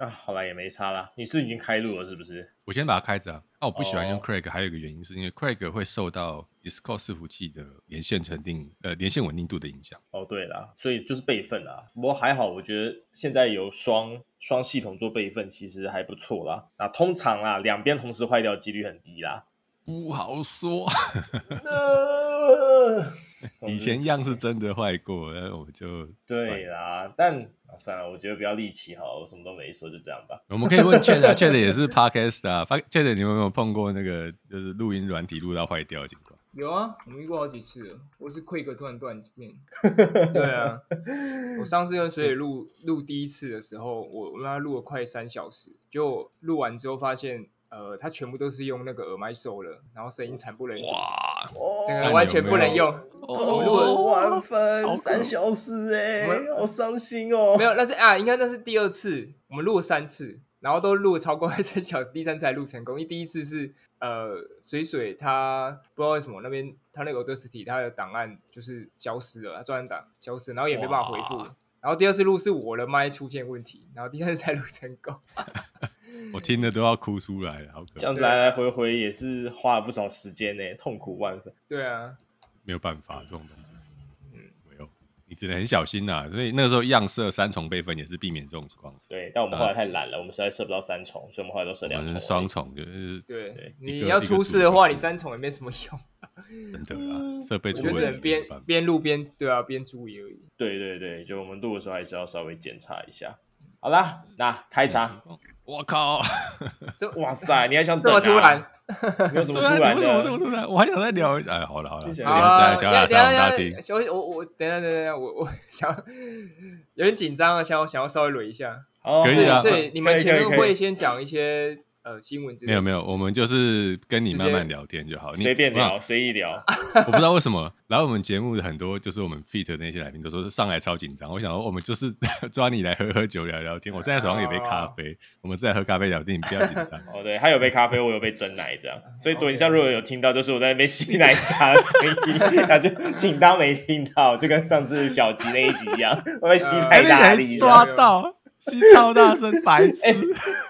啊，好了也沒差啦。你是，是已經開錄了是不是？我先把它開着啊。啊，我不喜歡用 Craig，還有一個原因是因為 Craig 會受到 Discord 伺服器的連線穩定，呃，連線穩定度的影響。哦，對啦，所以就是備份啊。不過還好，我覺得現在有雙雙系統做備份，其實還不錯啦。啊，通常啊，兩邊同時壞掉幾率很低啦。不好說。 以前樣是真的壞過，那我就對啦。但、啊、算了，我覺得不要力氣好，我什麼都沒說，就這樣吧。我們可以問 Chet，Chet、啊、 也是 Podcast 啊。Chet， 你們有沒有碰過那個就是錄音軟體錄到壞掉的情況？有啊，我們遇過好幾次了。我是 Quick 斷斷面。 對啊，我上次跟水里錄錄第一次的時候，我我跟他錄了快三小時，就錄完之後發現。呃，他全部都是用那個耳麥收了，然後聲音慘不忍睹，哇，整個完全不能用。錄完分三小時哎、欸，好傷心哦、喔。沒有，那是啊，應該那是第二次，我們錄了三次，然後都錄了超過三小時，第三次才錄成功。因為第一次是呃水水他不知道為什麼那邊他那個 Audacity 他的檔案就是消失了，專案檔消失了，然後也沒辦法回復。然後第二次錄是我的麥出現問題，然後第三次才錄成功。 我聽的都要哭出來了，好可憐。這樣子來來回回也是花了不少時間呢、欸，痛苦萬分。對啊，沒有辦法，這種東西，嗯，沒有。你只能很小心吶、啊，所以那個時候樣設三重備份也是避免這種情況。對，但我們後來太懶了、啊，我們實在設不到三重，所以我們後來都設兩重。變成雙重就是。對，你要出事的話，你三重也沒什麼用、啊。 真的啊，設備出我覺得只能邊邊錄邊對啊邊注意而已。對對對，就我們錄的時候還是要稍微檢查一下。好了，那開場。我、嗯、靠，這 哇塞，你還想、啊、這麼突然？ 有什麼突然，對吧、啊？怎麼這麼突然，我還想再聊一下。哎，好了好了，謝謝大家小雅、小雅、我我等一下等一下，我我，我，一下一下我，我想有點緊張啊，想要想要稍微捋一下。好、哦，可以的、啊。所以你們前面會先講一些。呃，新聞沒有沒有，我們就是跟你慢慢聊天就好，你隨便聊，隨意聊。 我不知道為什麼來我們節目的很多就是我們 feat 的那些來賓都說上來超緊張。我想說，我們就是抓你來喝喝酒、聊聊天、啊。我現在手上有杯咖啡，我們是在喝咖啡聊天，你不要緊張。啊、 哦，對，他有杯咖啡，我有杯珍奶這樣。所以抖音上如果有聽到，就是我在那邊吸奶茶的聲音，他 就請當沒聽到，就跟上次小吉那一集一樣，我 被吸奶茶抓到。 吸超大聲， 白痴！欸、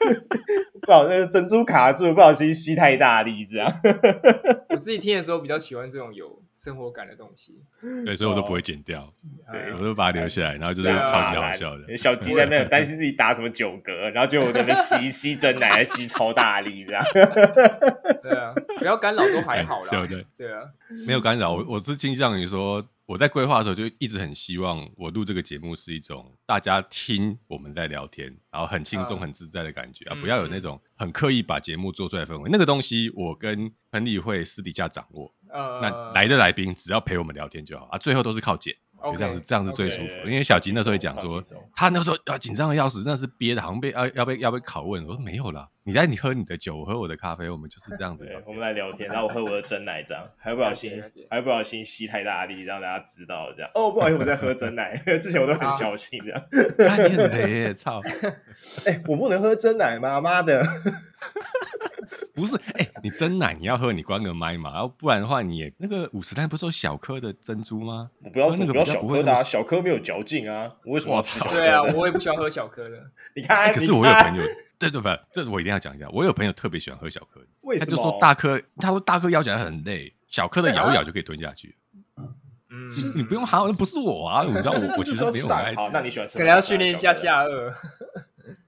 不好，那個珍珠卡住，不小心吸太大力，這樣。 我自己聽的時候比較喜歡這種油，生活感的東西，對，所以我都不會剪掉，哦、對，我都把它留下來、嗯，然後就是超級好笑的。啊、小雞在那擔心自己打什麼九格， 然後就那邊吸 吸珍奶，吸超大力這樣。 對啊，不要干擾都還好啦。嗯、對對對啊，沒有干擾。我我是傾向於說，我在規劃的時候就一直很希望，我錄這個節目是一種大家聽我們在聊天，然後很輕鬆、很自在的感覺、嗯、啊，不要有那種很刻意把節目做出來的氛圍、嗯嗯。那個東西，我跟彭麗會私底下掌握。呃、那來的來賓只要陪我們聊天就好啊，最後都是靠剪，okay, 這樣子，這樣子最舒服。Okay, okay, okay, okay, 因為小吉那時候也講說，他那時候要緊張的要死，那是憋的，好像被要要被要被，要被拷問。我說沒有啦，你在你喝你的酒，我喝我的咖啡，我們就是這樣子。我們來聊天，然、okay, 後我喝我的珍奶，這樣還不小心，okay, okay. 還不小心吸太大力，讓大家知道這樣。哦，不好意思，我在喝珍奶， 之前我都很小心，這樣。幹、啊 啊、你爺爺操！ 哎、欸，我不能喝珍奶嗎？媽的！ 不是，哎、欸，你珍奶，你要喝，你關個麥嘛，然後不然的話你也，你那個五十嵐不是說小顆的珍珠嗎？我不要那個不，那我不要小顆的、啊，小顆沒有嚼勁啊！我為什麼要吃小？對啊，我也不喜歡喝小顆的 你。你看，可是我有朋友，對對吧，這我一定要講一下，我有朋友特別喜歡喝小顆的，他就說大顆，他說大顆咬起來很累，小顆的咬一，咬一咬就可以吞下去。嗯，你，你不用喊，那不是我啊是，你知道我，我其實不用。 好，那你喜歡？吃什麼。可能要訓練一下下顎。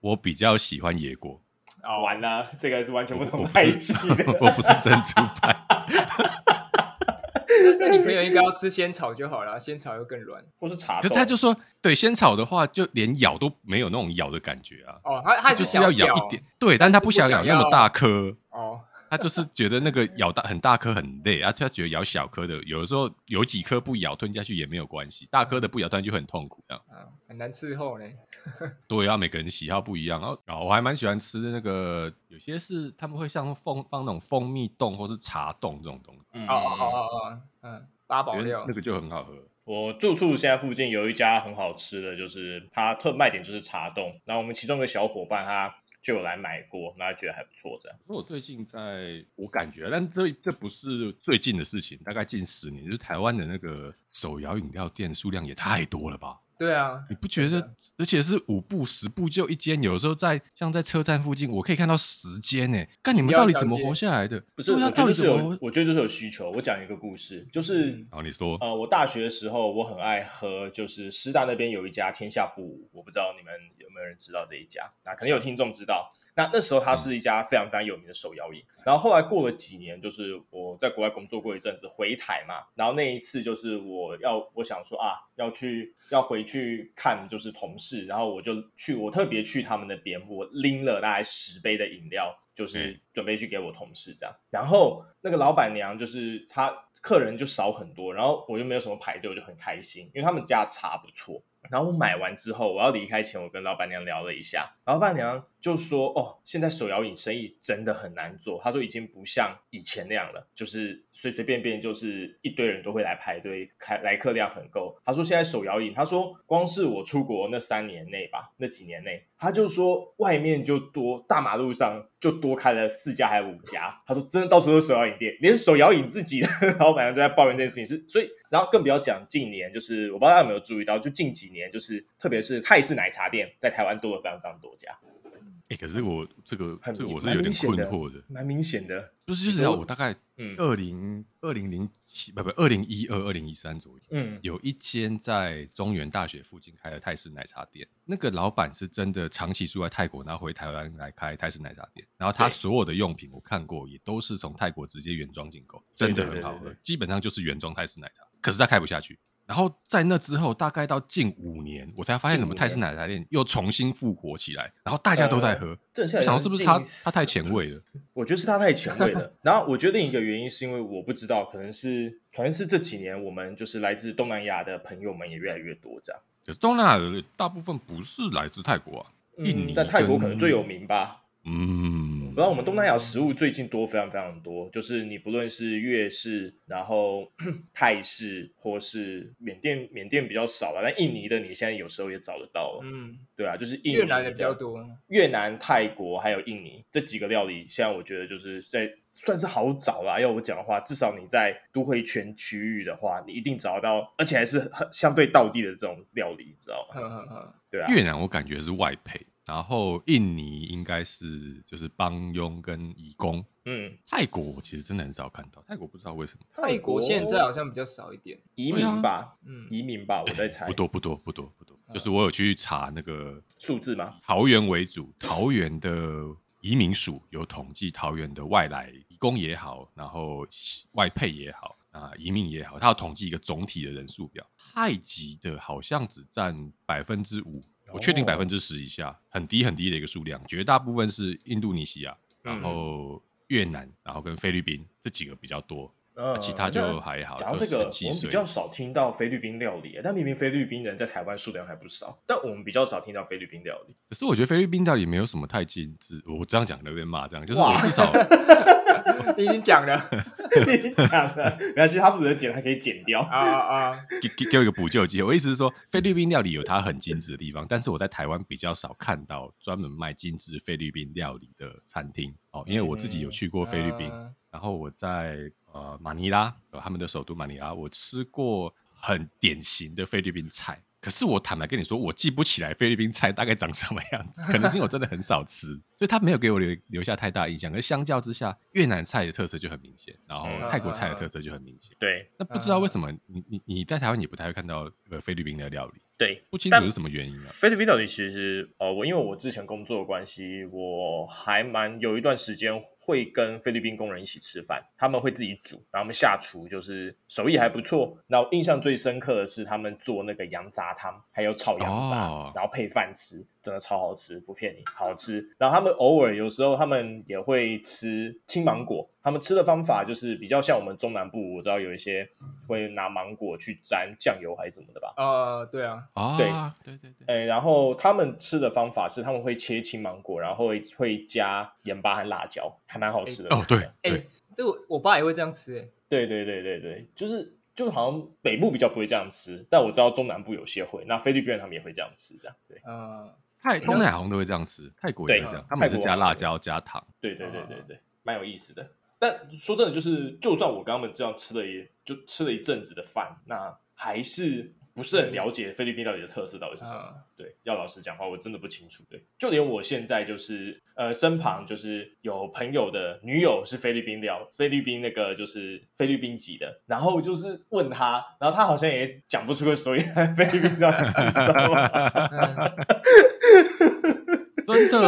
我比較喜歡椰果。哦，完了，這個是完全不同派系的我，我，不我不是珍珠派。 那，那你朋友應該要吃仙草就好了，仙草又更軟，或是茶。就他就說，對仙草的話，就連咬都沒有那種咬的感覺啊。哦，他他只是,、就是要咬一點，對，但他不想咬那麼大顆。哦。 他就是覺得那個咬大很大顆很累，而且覺得咬小顆的，有的時候有幾顆不咬吞下去也沒有關係，大顆的不咬，吞下去就很痛苦這樣。啊，很難伺候嘞。 對啊，每個人喜好不一樣，然後啊，我還蠻喜歡吃的那個，有些是他們會像蜂放那種蜂蜜凍或是茶凍這種東西。哦哦哦好好，嗯，八寶料那個就很好喝。我住處現在附近有一家很好吃的，就是它特賣點就是茶凍。然後我們其中一個小伙伴他。就來買過，那覺得還不錯這樣。我最近在，我感覺，但這這不是最近的事情，大概近十年，就是台灣的那個手搖飲料店數量也太多了吧。對啊，你不覺得？啊啊、而且是五步十步就一間，有時候在像在車站附近，我可以看到十間誒。看你們到底怎麼活下來的？不是，到底不是，我覺得是有，我覺得就是有需求。我講一個故事，就是啊、嗯，你說，呃，我大學的時候，我很愛喝，就是師大那邊有一家天下布，我不知道你們有沒有人知道這一家？那可能有聽眾知道。那那時候，他是一家非常非常有名的手搖飲。然後後來過了幾年，就是我在國外工作過一陣子，回台嘛。然後那一次，就是我要我想說啊，要去要回去看就是同事。然後我就去，我特別去他們的店，我拎了大概十杯的飲料，就是準備去給我同事這樣、嗯。然後那個老闆娘，就是她客人就少很多，然後我就沒有什麼排隊，我就很開心，因為他們家茶不錯。然後我買完之後，我要離開前，我跟老闆娘聊了一下，老闆娘。就說哦，現在手搖飲生意真的很難做。他說已經不像以前那樣了，就是隨隨便便就是一堆人都會來排隊開，來客量很夠。他說現在手搖飲，他說光是我出國那三年內吧，那幾年內，他就說外面就多大馬路上就多開了四家還有五家。他說真的到處都手搖飲店，連手搖飲自己的老板都在抱怨這件事情是。是所以，然後更不要講近年，就是我不知道大家有沒有注意到，就近幾年就是特別是泰式奶茶店在台灣多了非常非常多家。欸，可是我這個，這個我是有點困惑的，蠻明顯的，不是就是要我大概二零二零零七，2000, 不不，二零一二二零一三左右，嗯，有一間在中原大學附近開的泰式奶茶店，那個老板是真的長期住在泰國，然後回台灣來開泰式奶茶店，然後他所有的用品我看過也都是從泰國直接原裝進口，真的很好喝，對對對對對，基本上就是原裝泰式奶茶，可是他開不下去。然後在那之後，大概到近五年，我才發現什麼泰式奶茶店又重新復活起來，然後大家都在喝。我、呃、想說是不是他他太前衛了？我覺得是他太前衛了。 然後我覺得另一個原因是因為我不知道，可能是可能是這幾年我們就是來自東南亞的朋友們也越來越多，這樣。東南亞的大部分不是來自泰國啊，印尼。嗯，但泰國可能最有名吧。嗯。不知道，我們東南亞食物最近多，非常非常多。嗯、就是你不論是粵式，然後 泰式，或是緬甸，緬甸比較少了，但印尼的你現在有時候也找得到了。嗯，對啊，就是印越南的比較多。越南、泰國還有印尼這幾個料理，現在我覺得就是在算是好找了。要我講的話，至少你在都會全區域的話，你一定找得到，而且還是很相對道地的這種料理，你知道嗎？對啊。越南我感覺是外配。然後印尼應該是就是幫傭跟移工，嗯，泰國我其實真的很少看到，泰國不知道為什麼，泰國，泰國現在好像比較少一點移民吧、啊，嗯，移民吧，我在猜，不多不多不多不多、嗯，就是我有去，去查那個數字嗎？桃園為主，桃園的移民署有統計桃園的外來移工也好，然後外配也好啊，移民也好，它要統計一個總體的人數表，泰籍的好像只占百分之五。我確定百分之十以下、哦，很低很低的一個數量，絕大部分是印度尼西亞、嗯，然後越南，然後跟菲律賓這幾個比較多，嗯啊、其他就還好。嗯、假如這個，其實比較少聽到菲律賓料理、欸，但明明菲律賓人在台灣數量還不少，但我們比較少聽到菲律賓料理。可是我覺得菲律賓料理沒有什麼太精致，我這樣講有點罵，這樣就是我至少 你已經講了。 你 講的沒關係，他不只能剪，還可以剪掉。啊 啊，給給給我一個補救機會。我意思是說，菲律賓料理有它很精緻的地方，但是我在台灣比較少看到專門賣精緻菲律賓料理的餐廳。哦，因為我自己有去過菲律賓、嗯，然後我在呃馬尼拉，他們的首都馬尼拉，我吃過很典型的菲律賓菜。可是我坦白跟你說，我記不起來菲律賓菜大概長什麼樣子， 可能是因為我真的很少吃。所以他沒有給我留留下太大印象，可是，相較之下，越南菜的特色就很明顯，然後泰國菜的特色就很明顯、嗯。對，那不知道為什麼你你你在台灣你不太會看到菲律賓的料理，對，不清楚是什麼原因啊。菲律賓料理其實呃，我因為我之前工作的關係，我還蠻有一段時間會跟菲律賓工人一起吃飯，他們會自己煮，然後我們下廚就是手藝還不錯。那我印象最深刻的是他們做那個羊雜湯，還有炒羊雜、哦，然後配飯吃。真的超好吃，不騙你，好吃。然後他們偶爾有時候他們也會吃青芒果，他們吃的方法就是比較像我們中南部，我知道有一些會拿芒果去沾醬油還是什麼的吧？啊、呃，對啊，對啊，對，對對對哎，然後他們吃的方法是他們會切青芒果，然後會加鹽巴和辣椒，還蠻好吃的。欸、哦，對，哎、欸，這我我爸也會這樣吃哎、欸。對，對對對對對，就是就好像北部比較不會這樣吃，但我知道中南部有些會。那菲律賓人他們也會這樣吃，這樣對，嗯、呃。泰中泰紅都會這樣吃，泰國也會這樣，他們是加辣椒加糖。對對對對對，嗯、蠻有意思的。但說真的，就是就算我跟他們這樣吃了也就吃了一陣子的飯，那還是不是很了解菲律賓料理的特色到底是什麼、嗯。對，要老實講話，我真的不清楚。對，就連我現在就是呃身旁就是有朋友的女友是菲律賓料，菲律賓那個就是菲律賓籍，籍的，然後就是問他，然後他好像也講不出個所以然，菲律賓到底吃什麼？ 真的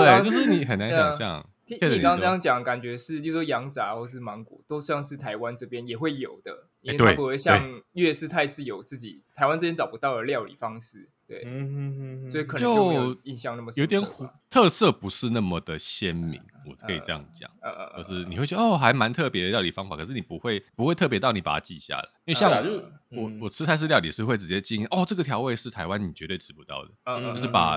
哎，欸， 就是你很難想象、嗯。聽，聽你剛剛這樣講， 感覺是，例如說羊雜或是芒果，都像是台灣這邊也會有的。你會不會像粵式泰式有自己台灣這邊找不到的料理方式？對，所以可能就沒有印象那麼深，有點特色不是那麼的鮮明。我可以這樣講、呃呃呃，就是你會覺得哦，還蠻特別的料理方法，可是你不會不會特別到你把它記下來。因為像我、呃呃嗯、我，我吃泰式料理是會直接記，哦，這個調味是台灣你絕對吃不到的，呃呃、就是把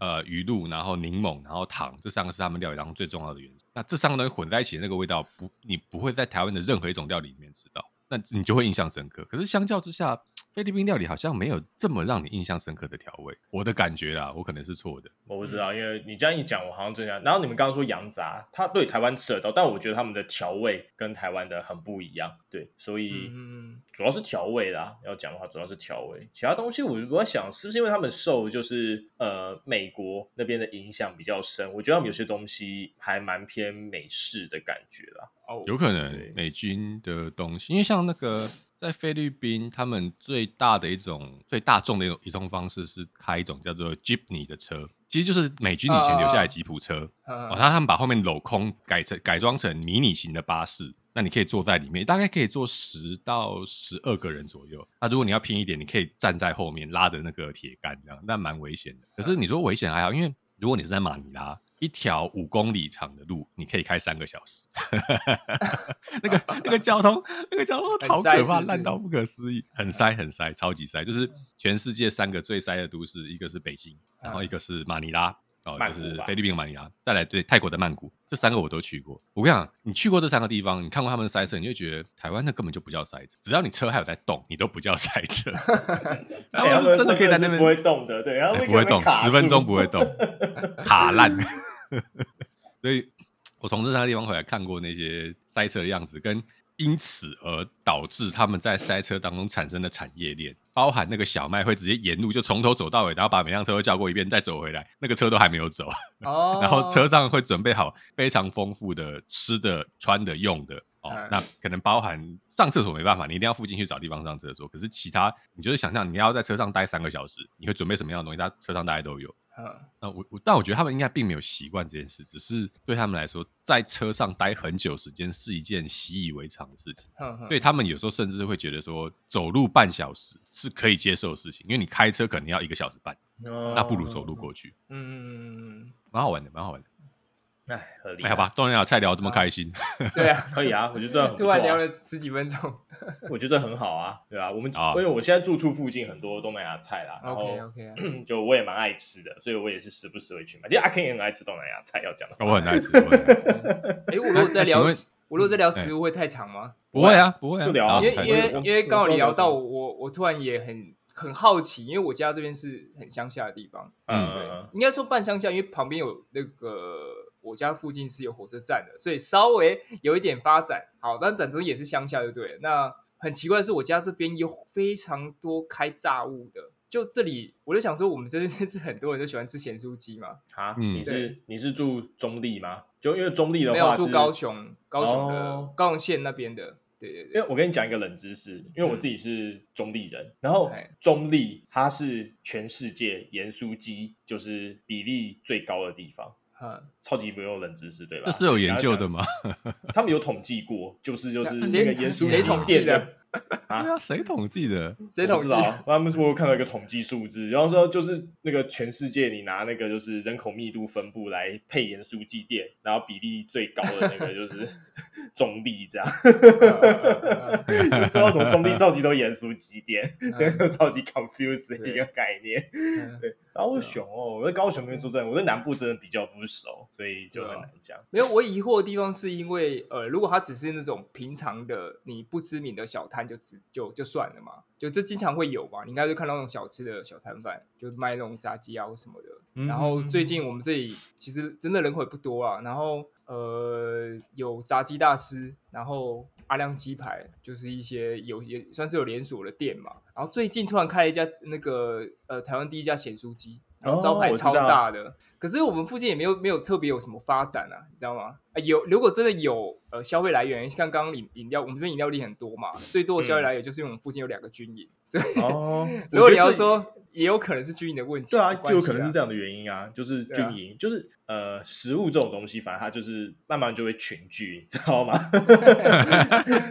呃魚露，然後檸檬，然後糖這三個是他們料理當中最重要的元素。那這三個東西混在一起的那個味道，不你不會在台灣的任何一種料理裡面吃到。那你就會印象深刻。可是相較之下，菲律賓料理好像沒有這麼讓你印象深刻的調味。我的感覺啦，我可能是錯的，我不知道。嗯、因為你這樣一講，我好像這樣。然後你們剛剛說羊雜，它對台灣吃得到，但我覺得他們的調味跟台灣的很不一樣。對，所以、嗯、主要是調味啦。要講的話，主要是調味。其他東西，我我在想，是不是因為他們受就是呃美國那邊的影響比較深？我覺得他們有些東西還蠻偏美式的感覺啦。Oh, 有可能美軍的東西，因為像那個在菲律賓，他們最大的一種、最大眾的一種移動方式是開一種叫做吉普尼的車，其實就是美軍以前留下來的吉普車，然，uh, 後，uh-huh. 他們把後面鏤空改成改裝成迷你型的巴士，那你可以坐在裡面，大概可以坐十到十二個人左右。那如果你要拼一點，你可以站在後面拉着那個鐵桿這樣，那蠻危險的。可是你說危險還好，因為如果你是在馬尼拉。一條五公里長的路，你可以開三個小時。 那個 那個交通， 那個交通好可怕，爛到不可思議。很塞，很塞，超級塞。就是全世界三個最塞的都市，一個是北京，然後一個是馬尼拉、嗯、哦，就是菲律賓馬尼拉，再來對泰國的曼谷，這三個我都去過。我跟你講，你去過這三個地方，你看過他們的塞車，你就覺得台灣那根本就不叫塞車。只要你車還有在動，你都不叫塞車。 然後我是真的可以在那邊、欸、不會動的，對，然後、欸、不會動，十分鐘不會動， 卡爛爛。 所以，我從這三個地方回來看過那些塞車的樣子，跟因此而導致他們在塞車當中產生的產業鏈，包含那個小麥會直接沿路就從頭走到尾，然後把每輛車都叫過一遍，再走回來，那個車都還沒有走。哦，然後車上會準備好非常豐富的吃的、穿的、用的哦、喔。那可能包含上廁所沒辦法，你一定要附近去找地方上廁所。可是其他，你就是想象你要在車上待三個小時，你會準備什麼樣的東西？大家車上大概都有。啊，我我但我覺得他們應該並沒有習慣這件事，只是對他們來說，在車上待很久時間是一件習以為常的事情。呵呵。所以他們有時候甚至會覺得說，走路半小時是可以接受的事情，因為你開車可能要一個小時半，哦。那不如走路過去。嗯嗯嗯嗯，蠻好玩的，蠻好玩的。哎，合理。哎，好吧，東南亞菜聊這麼開心。對啊， 可以啊，我覺得很、啊、突然聊了十幾分鐘， 我覺得很好啊。對啊，我們、oh. 因為我現在住處附近很多東南亞菜啦，OK, okay、啊。 就我也蠻愛吃的，所以我也是時不時會去買。其實阿 Ken 也很愛吃東南亞菜，要講的話。我很愛吃。哎、 欸，我如果在聊， 我如果在聊食物會太長嗎？不會啊，不會啊。不會啊，不會啊，就聊啊。因為因為因為剛好你聊到我，我突然也很很好奇，因為我家這邊是很鄉下的地方，嗯，對 uh, uh, uh. 應該說半鄉下，因為旁邊有那個。我家附近是有火車站的，所以稍微有一點發展。好，但反正也是鄉下，就對。那很奇怪的是，我家這邊有非常多開炸物的。就這裡，我就想說，我們這邊是很多人都喜歡吃鹹酥雞嘛哈？你是你是住中壢嗎？就因為中壢的話，沒有住高雄，高雄的高雄縣那邊的、哦。對對對，因為我跟你講一個冷知識，因為我自己是中壢人，嗯、然後中壢它是全世界鹽酥雞就是比例最高的地方。超級無用冷知識，對吧？這是有研究的嗎？他們有統計過，就是就是那個鹽酥雞店誰統計的啊？誰統計的？誰、啊、統計的他們我，不，我看到一個統計數字、嗯，然後說就是那個全世界你拿那個就是人口密度分布來配鹽酥雞店，然後比例最高的那個就是中壢這樣。你知道什麼中壢超級都鹽酥雞店，真的超級 confuse 的一個概念，對。高雄哦、嗯，我在高雄跟你說真的，我在南部真的比較不熟，所以就很難講、嗯。沒有，我疑惑的地方是因為，呃，如果他只是那種平常的你不知名的小攤，就只就就算了嘛，就這經常會有吧。你應該是看到那種小吃的小攤販，就賣那種炸雞腰、啊、什麼的、嗯。然後最近我們這裡其實真的人口也不多啊。然後呃，有炸雞大師，然後阿亮雞排，就是一些有也算是有連鎖的店嘛。然後最近突然開了一家那個呃台灣第一家鹹酥雞，然後招牌超大的、哦，可是我們附近也沒有沒有特別有什麼發展啊，你知道嗎？有如果真的有呃消費來源，像剛剛飲飲料，我們這邊飲料店很多嘛，最多的消費來源就是因為我們附近有兩個軍營，嗯、所以、哦、 如果你要說。也有可能是軍營的問題的、啊。對啊，就有可能是這樣的原因啊，就是軍營、啊，就是呃，食物這種東西，反正它就是慢慢就會群聚，你知道嗎？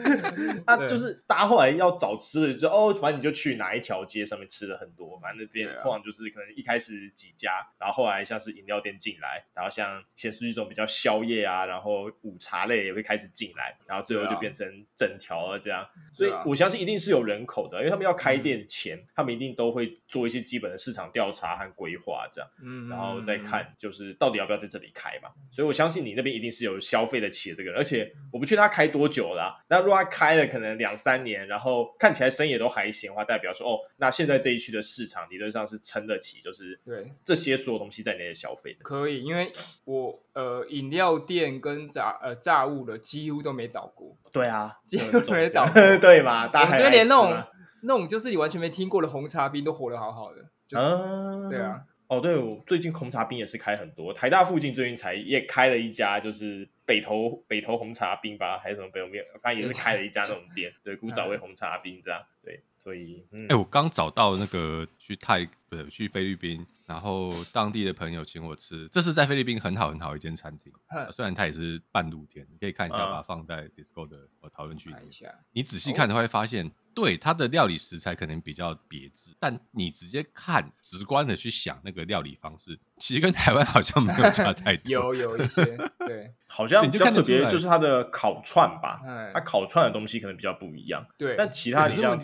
啊，就是大家後來要找吃的，就哦，反正你就去哪一條街上面吃了很多，反正那邊逛就是可能一開始幾家，啊、然後後來像是飲料店進來，然後像顯示一種比較宵夜啊，然後午茶類也會開始進來，然後最後就變成整條了這樣、啊啊。所以我相信是一定是有人口的，因為他們要開店前，嗯、他們一定都會做一些。些基本的市場調查和規劃，這樣，嗯，然後再看就是到底要不要在這裡開嘛。嗯、所以我相信你那邊一定是有消費得起這個，而且我不確定他開多久啦、啊。那如果他開了可能兩三年，然後看起來生意也都還行的話，代表說哦，那現在這一區的市場理論上是撐得起，就是對這些所有東西在那邊消費的。可以，因為我呃飲料店跟炸呃炸物的幾乎都沒倒過。對啊，幾乎都沒倒過， 對吧？大概就連那種。那種就是你完全沒聽過的紅茶冰都活得好好的，啊、就是嗯，對啊，哦，對，我最近紅茶冰也是開很多，台大附近最近才也開了一家，就是北投北投紅茶冰吧，還是什麼北投面，反正也是開了一家那種店， 對，古早味紅茶冰這樣，對，所以，哎、嗯欸，我剛找到那個。去泰不對，去菲律賓，然後當地的朋友請我吃，這是在菲律賓很好很好一間餐廳，嗯。雖然它也是半露天，你可以看一下，嗯、把它放在 Discord 的討論區裡看一下。你仔細看的話，你會發現，哦、對它的料理食材可能比較別緻，但你直接看、直觀的去想那個料理方式，其實跟台灣好像沒有差太多。 有有一些，對， 好像你就看比較特別就是它的烤串吧、嗯。它烤串的東西可能比較不一樣。對，但其他的你像、欸你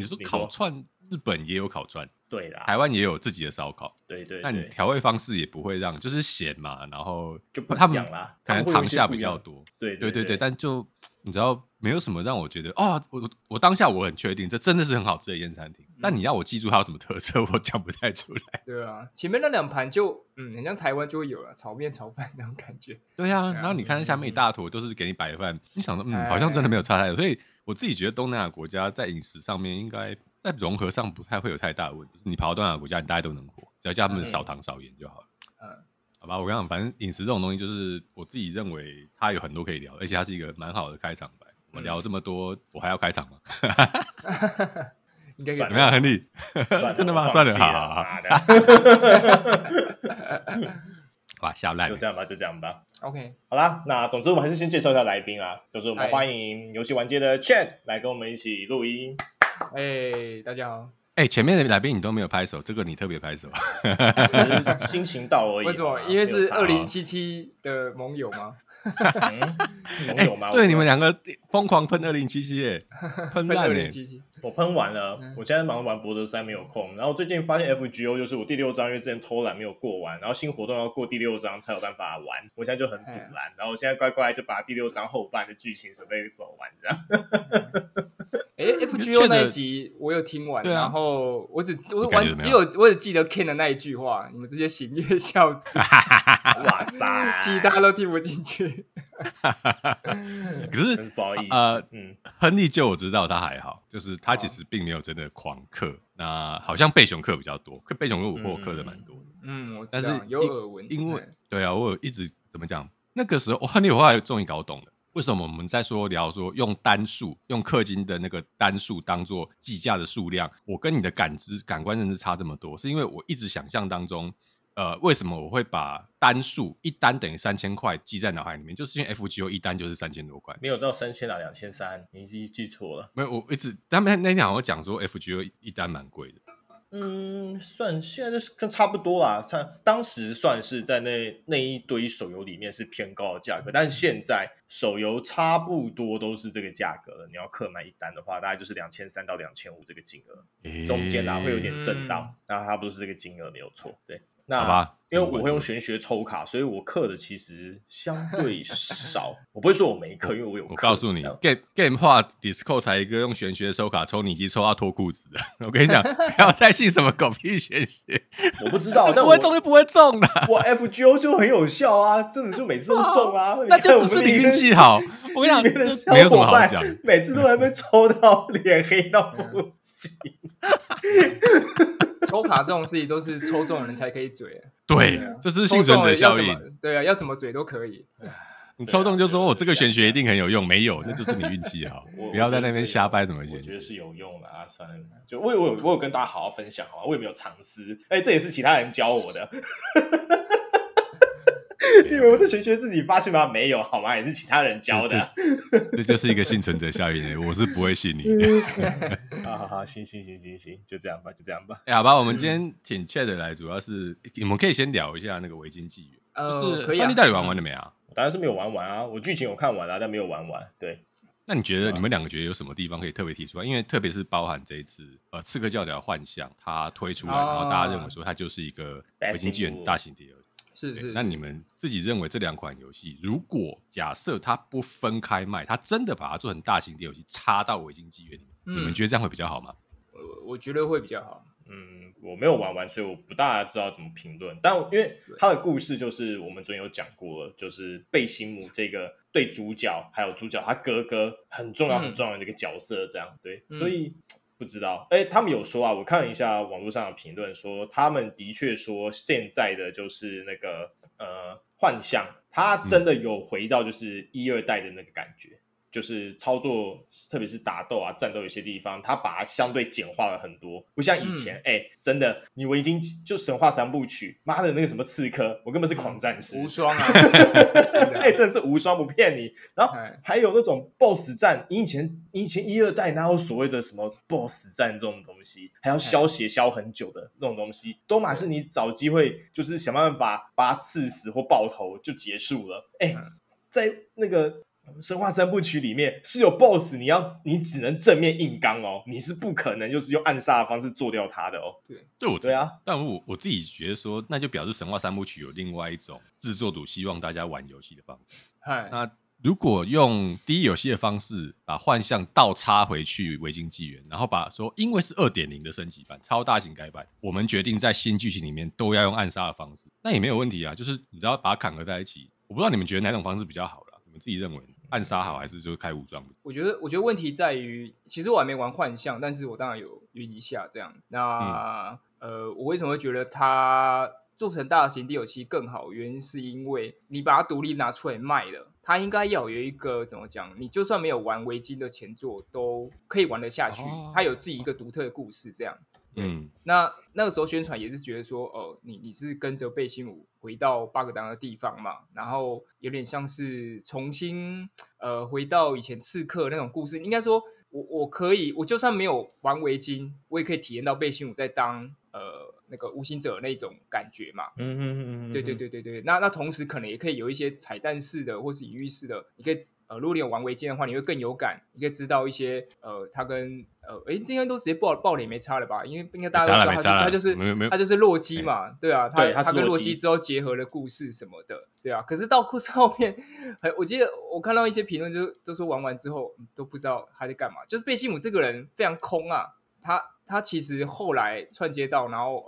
說，嗯、你說烤串。日本也有烤串，對啦，台灣也有自己的燒烤，對對、對。那你調味方式也不會讓，就是鹹嘛，然後就不一樣啦，他們可能糖下比較多，對對對對。對對對對對對，但就你知道，沒有什麼讓我覺得哦，我我當下我很確定這真的是很好吃的一間餐廳，嗯。但你要我記住它有什麼特色，我講不太出來。對啊，前面那兩盤就嗯，很像台灣就會有了炒麵、炒飯那種感覺。對啊，然後你看那下面一大坨都是給你擺飯，嗯嗯，你想說嗯，好像真的沒有差太多，所以。我自己覺得東南亞國家在飲食上面應該在融合上不太會有太大的問題。就是、你跑到東南亞國家，你大家都能活，只要叫他們少糖少鹽就好了嗯。嗯，好吧，我跟你講，反正飲食這種東西，就是我自己認為它有很多可以聊，而且它是一個蠻好的開場白。我聊這麼多，嗯、我還要開場嗎？哈哈哈哈哈。沒有亨利， 真的嗎？算了 好，好，好，啊哇下來。就這樣吧，就這樣吧。OK，好啦，那總之我們還是先介紹一下來賓啊，就是我們歡迎遊戲玩街的 Chet 來跟我們一起錄音。哎、欸，大家好。哎、欸，前面的來賓你都沒有拍手，這個你特別拍手， 欸、只是心情到而已。 為什麼？因為是二零七七的盟友嗎？ 嗯、是盟友嗎？欸、對，你們兩個瘋狂噴二零七七，哎、欸，噴爛臉。我噴完了，嗯、我現在忙完博德三沒有空、嗯。然後最近發現 F G O 就是我第六章，因為之前偷懶沒有過完，然後新活動要過第六章才有辦法玩。我現在就很賭爛、哎，然後我現在乖乖就把第六章後半的劇情準備走完這樣。哎、 欸、F G O 那一集我有聽完，然後我只我只有我只記得 Ken 的那一句話：“你們這些型月孝子， 哇塞，其他都聽不進去。”哈哈哈哈，可是不好意思呃、嗯，亨利就我知道他還好，就是他其實並沒有真的狂氪、啊，那好像背熊氪比較多，可背熊我破氪的蠻多的嗯，嗯，但是，我知道。有耳聞，因對，對，對啊，我有一直怎麼講？那個時候我、哦、亨利有話終於搞懂了，為什麼我們在說聊說用單數用氪金的那個單數當做計價的數量，我跟你的感知感官認知差這麼多，是因為我一直想象當中。呃，為什麼我會把單數一單等於三千塊記在腦海裡面？就是因為 FGO 一單就是三千多塊，沒有到三千啊，兩千三，你記記錯了。沒有，我一直他們那天好像講說 FGO 一單蠻貴的。嗯，算現在就是跟差不多啦，算當時算是在那那一堆手遊裡面是偏高的價格，但是現在手遊差不多都是這個價格了。你要客滿一單的話，大概就是兩千三到兩千五這個金額，欸，中間呢，啊，會有點震盪，嗯，那差不多是這個金額，沒有錯，對。那好吧。因為我會用玄學抽卡，所以我氪的其實相對少。 我不會說我沒氪，因為我有。我告訴你，Game Game 化 Discord 才一個用玄學抽卡抽，你其實抽到脫褲子的。 我跟你講，不要再信什麼狗屁玄學。 我不知道，不會中就不會中了。我 FGO 就很有效啊，真的就每次都中啊。那就只是你運氣好。我跟你講，沒有什麼好講。每次都能被抽到，臉 黑到不行。 抽卡這種事情都是抽中的人才可以嘴。對，對、啊，這是幸存者的效應。對啊，要怎麼嘴都可以。 對啊、 你抽中就說我、哦、這個玄學一定很有用，沒有，那就是你運氣好。 不要在那邊瞎掰什麼玄學。我覺得是有用的啊，算了，就我有我有我有跟大家好好分享，好嗎？我也沒有藏私。哎、欸，這也是其他人教我的。 你以為我在學學自己發現嗎？沒有好嗎？也是其他人教的、啊。對對對 這就是一個倖存者效應。我是不會信你的。好 好好，行行行行行，就這樣吧，就這樣吧。哎、欸，好吧， 我們今天請 Chet 來，主要是你們可以先聊一下那個維京紀元。呃，就是、可以、啊。那、啊、你到底玩完了沒啊？當、嗯、然是沒有玩完啊，我劇情有看完啊，但沒有玩完。對。那你覺得你們兩個覺得有什麼地方可以特別提出來？因為特別是包含這一次呃，刺客教條幻象它推出來、哦，然後大家認為說它就是一個維京紀元大型的而已是是、欸，那你們自己認為這兩款遊戲，如果假設它不分開賣，它真的把它做成大型的遊戲插到《維京紀元》裡面、嗯，你們覺得這樣會比較好嗎？我，我覺得會比較好。嗯，我沒有玩完，所以我不大知道怎麼評論。但因為它的故事就是我們昨天有講過了，就是貝辛姆這個對主角還有主角他哥哥很重要很重要的一個角色，這樣、嗯、對，所以。嗯不知道，哎、欸，他們有說啊，我看了一下網絡上的評論，說他們的確說現在的就是那個呃幻象，他真的有回到就是一二代的那個感覺。就是操作，特別是打鬥啊、戰鬥，有些地方他把它相對簡化了很多，不像以前。哎、嗯欸，真的，你我已經就《神話三部曲》，媽的那個什麼刺客，我根本是狂戰士無雙啊！哎， 真的是無雙，不騙你。然後還有那種 BOSS 戰，以前以前一二代哪有所謂的什麼 BOSS 戰這種東西，還要消血消很久的那種東西，都、嗯、嘛是你找機會，就是想辦法把它刺死或爆頭就結束了。哎、欸嗯，在那個。神話三部曲，裡面是有 BOSS，你要你只能正面硬剛哦，你是不可能就是用暗殺的方式做掉他的哦。對，對我對啊，但我我自己覺得說，那就表示神話三部曲有另外一種制作組希望大家玩遊戲的方式。嗨，那如果用第一遊戲的方式把幻象倒插回去維京紀元，然後把說因為是二點零的升級版、超大型改版，我們決定在新劇情裡面都要用暗殺的方式，那也沒有問題啊。就是你知道把它砍合在一起，我不知道你們覺得哪種方式比較好啦，你們自己認為。暗殺好還是就是開武裝？我覺得，我覺得問題在於，其實我還沒玩幻象，但是我當然有雲一下這樣。那、嗯、呃，我為什麼會覺得它做成大型 DLC 更好？原因是因為你把它獨立拿出來賣了，它應該要有一個怎麼講？你就算沒有玩《維京》的前作，都可以玩得下去。哦、它有自己一個獨特的故事，這樣。嗯，那那個時候宣傳也是覺得說，呃，你你是跟着背心舞回到巴格達的地方嘛，然後有點像是重新呃回到以前刺客那種故事。應該說我我可以，我就算沒有玩維京，我也可以體驗到背心舞在當呃。那個無心者那種感覺嘛，嗯嗯嗯嗯，對對對對對，對那。那那同時可能也可以有一些彩蛋式的，或是隱喻式的。你可以呃，如果你有玩維京的話，你會更有感。你可以知道一些呃，他跟呃，這今天都直接爆爆了也沒差了吧？因為應該大家都知道他，他就是沒沒他、就是，他就是洛基嘛，欸、對啊，他他，他跟洛基之後結合了故事什麼的，對啊。可是到故事後面，還我記得我看到一些評論就，就都說玩完之後、嗯、都不知道他在幹嘛。就是貝西姆這個人非常空啊，他。他其實後來串接到，然後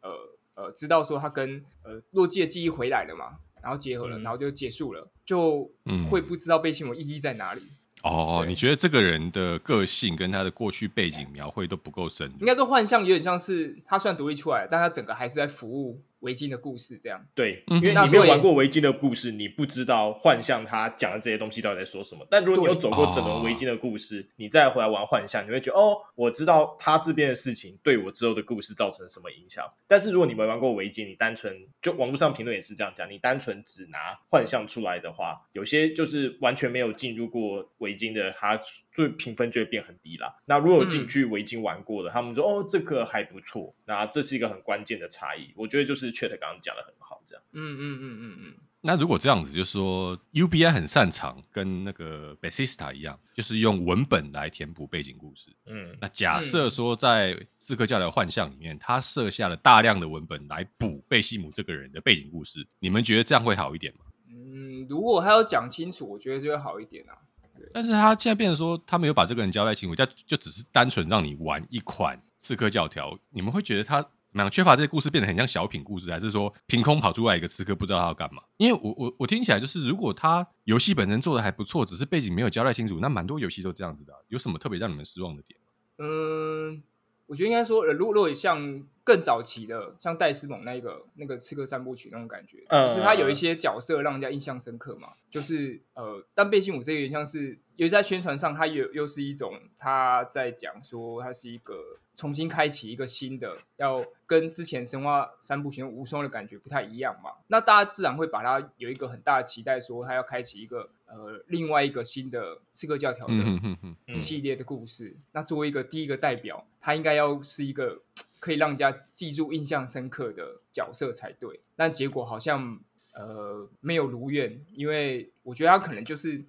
呃呃呃，知道說他跟呃洛基的記憶回來了嘛，然後結合了，嗯、然後就結束了，就會不知道貝辛姆意義在哪裡。嗯、哦，你覺得這個人的個性跟他的過去背景描繪都不夠深？應該說幻象有點像是他雖然獨立出來，但他整個還是在服務。維京,京的故事，這、嗯、樣，對，因為你沒有玩過維京的故事，你不知道幻象他講的這些東西到底在說什麼。但如果你有走過整個維京的故事，你再回來玩幻象，哦、你會覺得哦，我知道他這邊的事情對我之後的故事造成什麼影響。但是如果你沒玩過維京，你單純就網絡上評論也是這樣講，你單純只拿幻象出來的話，有些就是完全沒有進入過維京的，他最評分就會變很低啦。那如果有進去維京玩過的，嗯、他們說哦，這個還不錯。那這是一個很關鍵的差異，我覺得就是。確實，剛剛講的很好，這樣。嗯嗯嗯嗯嗯。那如果這樣子，就是說 UBI 很擅長跟那個貝西斯塔一樣，就是用文本來填補背景故事。嗯。那假設說，在刺客教條幻象裡面，他設下了大量的文本來補貝西姆這個人的背景故事，你們覺得這樣會好一點嗎？嗯，如果他要講清楚，我覺得就會好一點啊。對。但是他現在變成說，他沒有把這個人交代清楚，他就只是單純讓你玩一款刺客教條，你們會覺得他？蠻缺乏，這些故事變得很像小品故事，還是說憑空跑出來一個刺客，不知道他要幹嘛？因為我我我聽起來就是，如果他遊戲本身做的還不錯，只是背景沒有交代清楚，那蠻多遊戲都這樣子的啊。有什麼特別讓你們失望的點？嗯，我覺得應該說，呃，如果如果像。更早期的，像戴斯蒙那個那個刺客三部曲那種感覺，嗯嗯嗯嗯，就是他有一些角色讓人家印象深刻嘛。就是呃，但貝西姆這個有點像是，因為在宣傳上他又，它有又是一種他在講說，他是一個重新開啟一個新的，要跟之前《生化三部曲》無雙的感覺不太一樣嘛。那大家自然會把它有一個很大的期待，說他要開啟一個。呃，另外一個新的刺客教條的系列的故事，嗯嗯，那作為一個第一個代表，他應該要是一個可以讓人家記住、印象深刻的角色才對。但結果好像呃沒有如願，因為我覺得他可能就是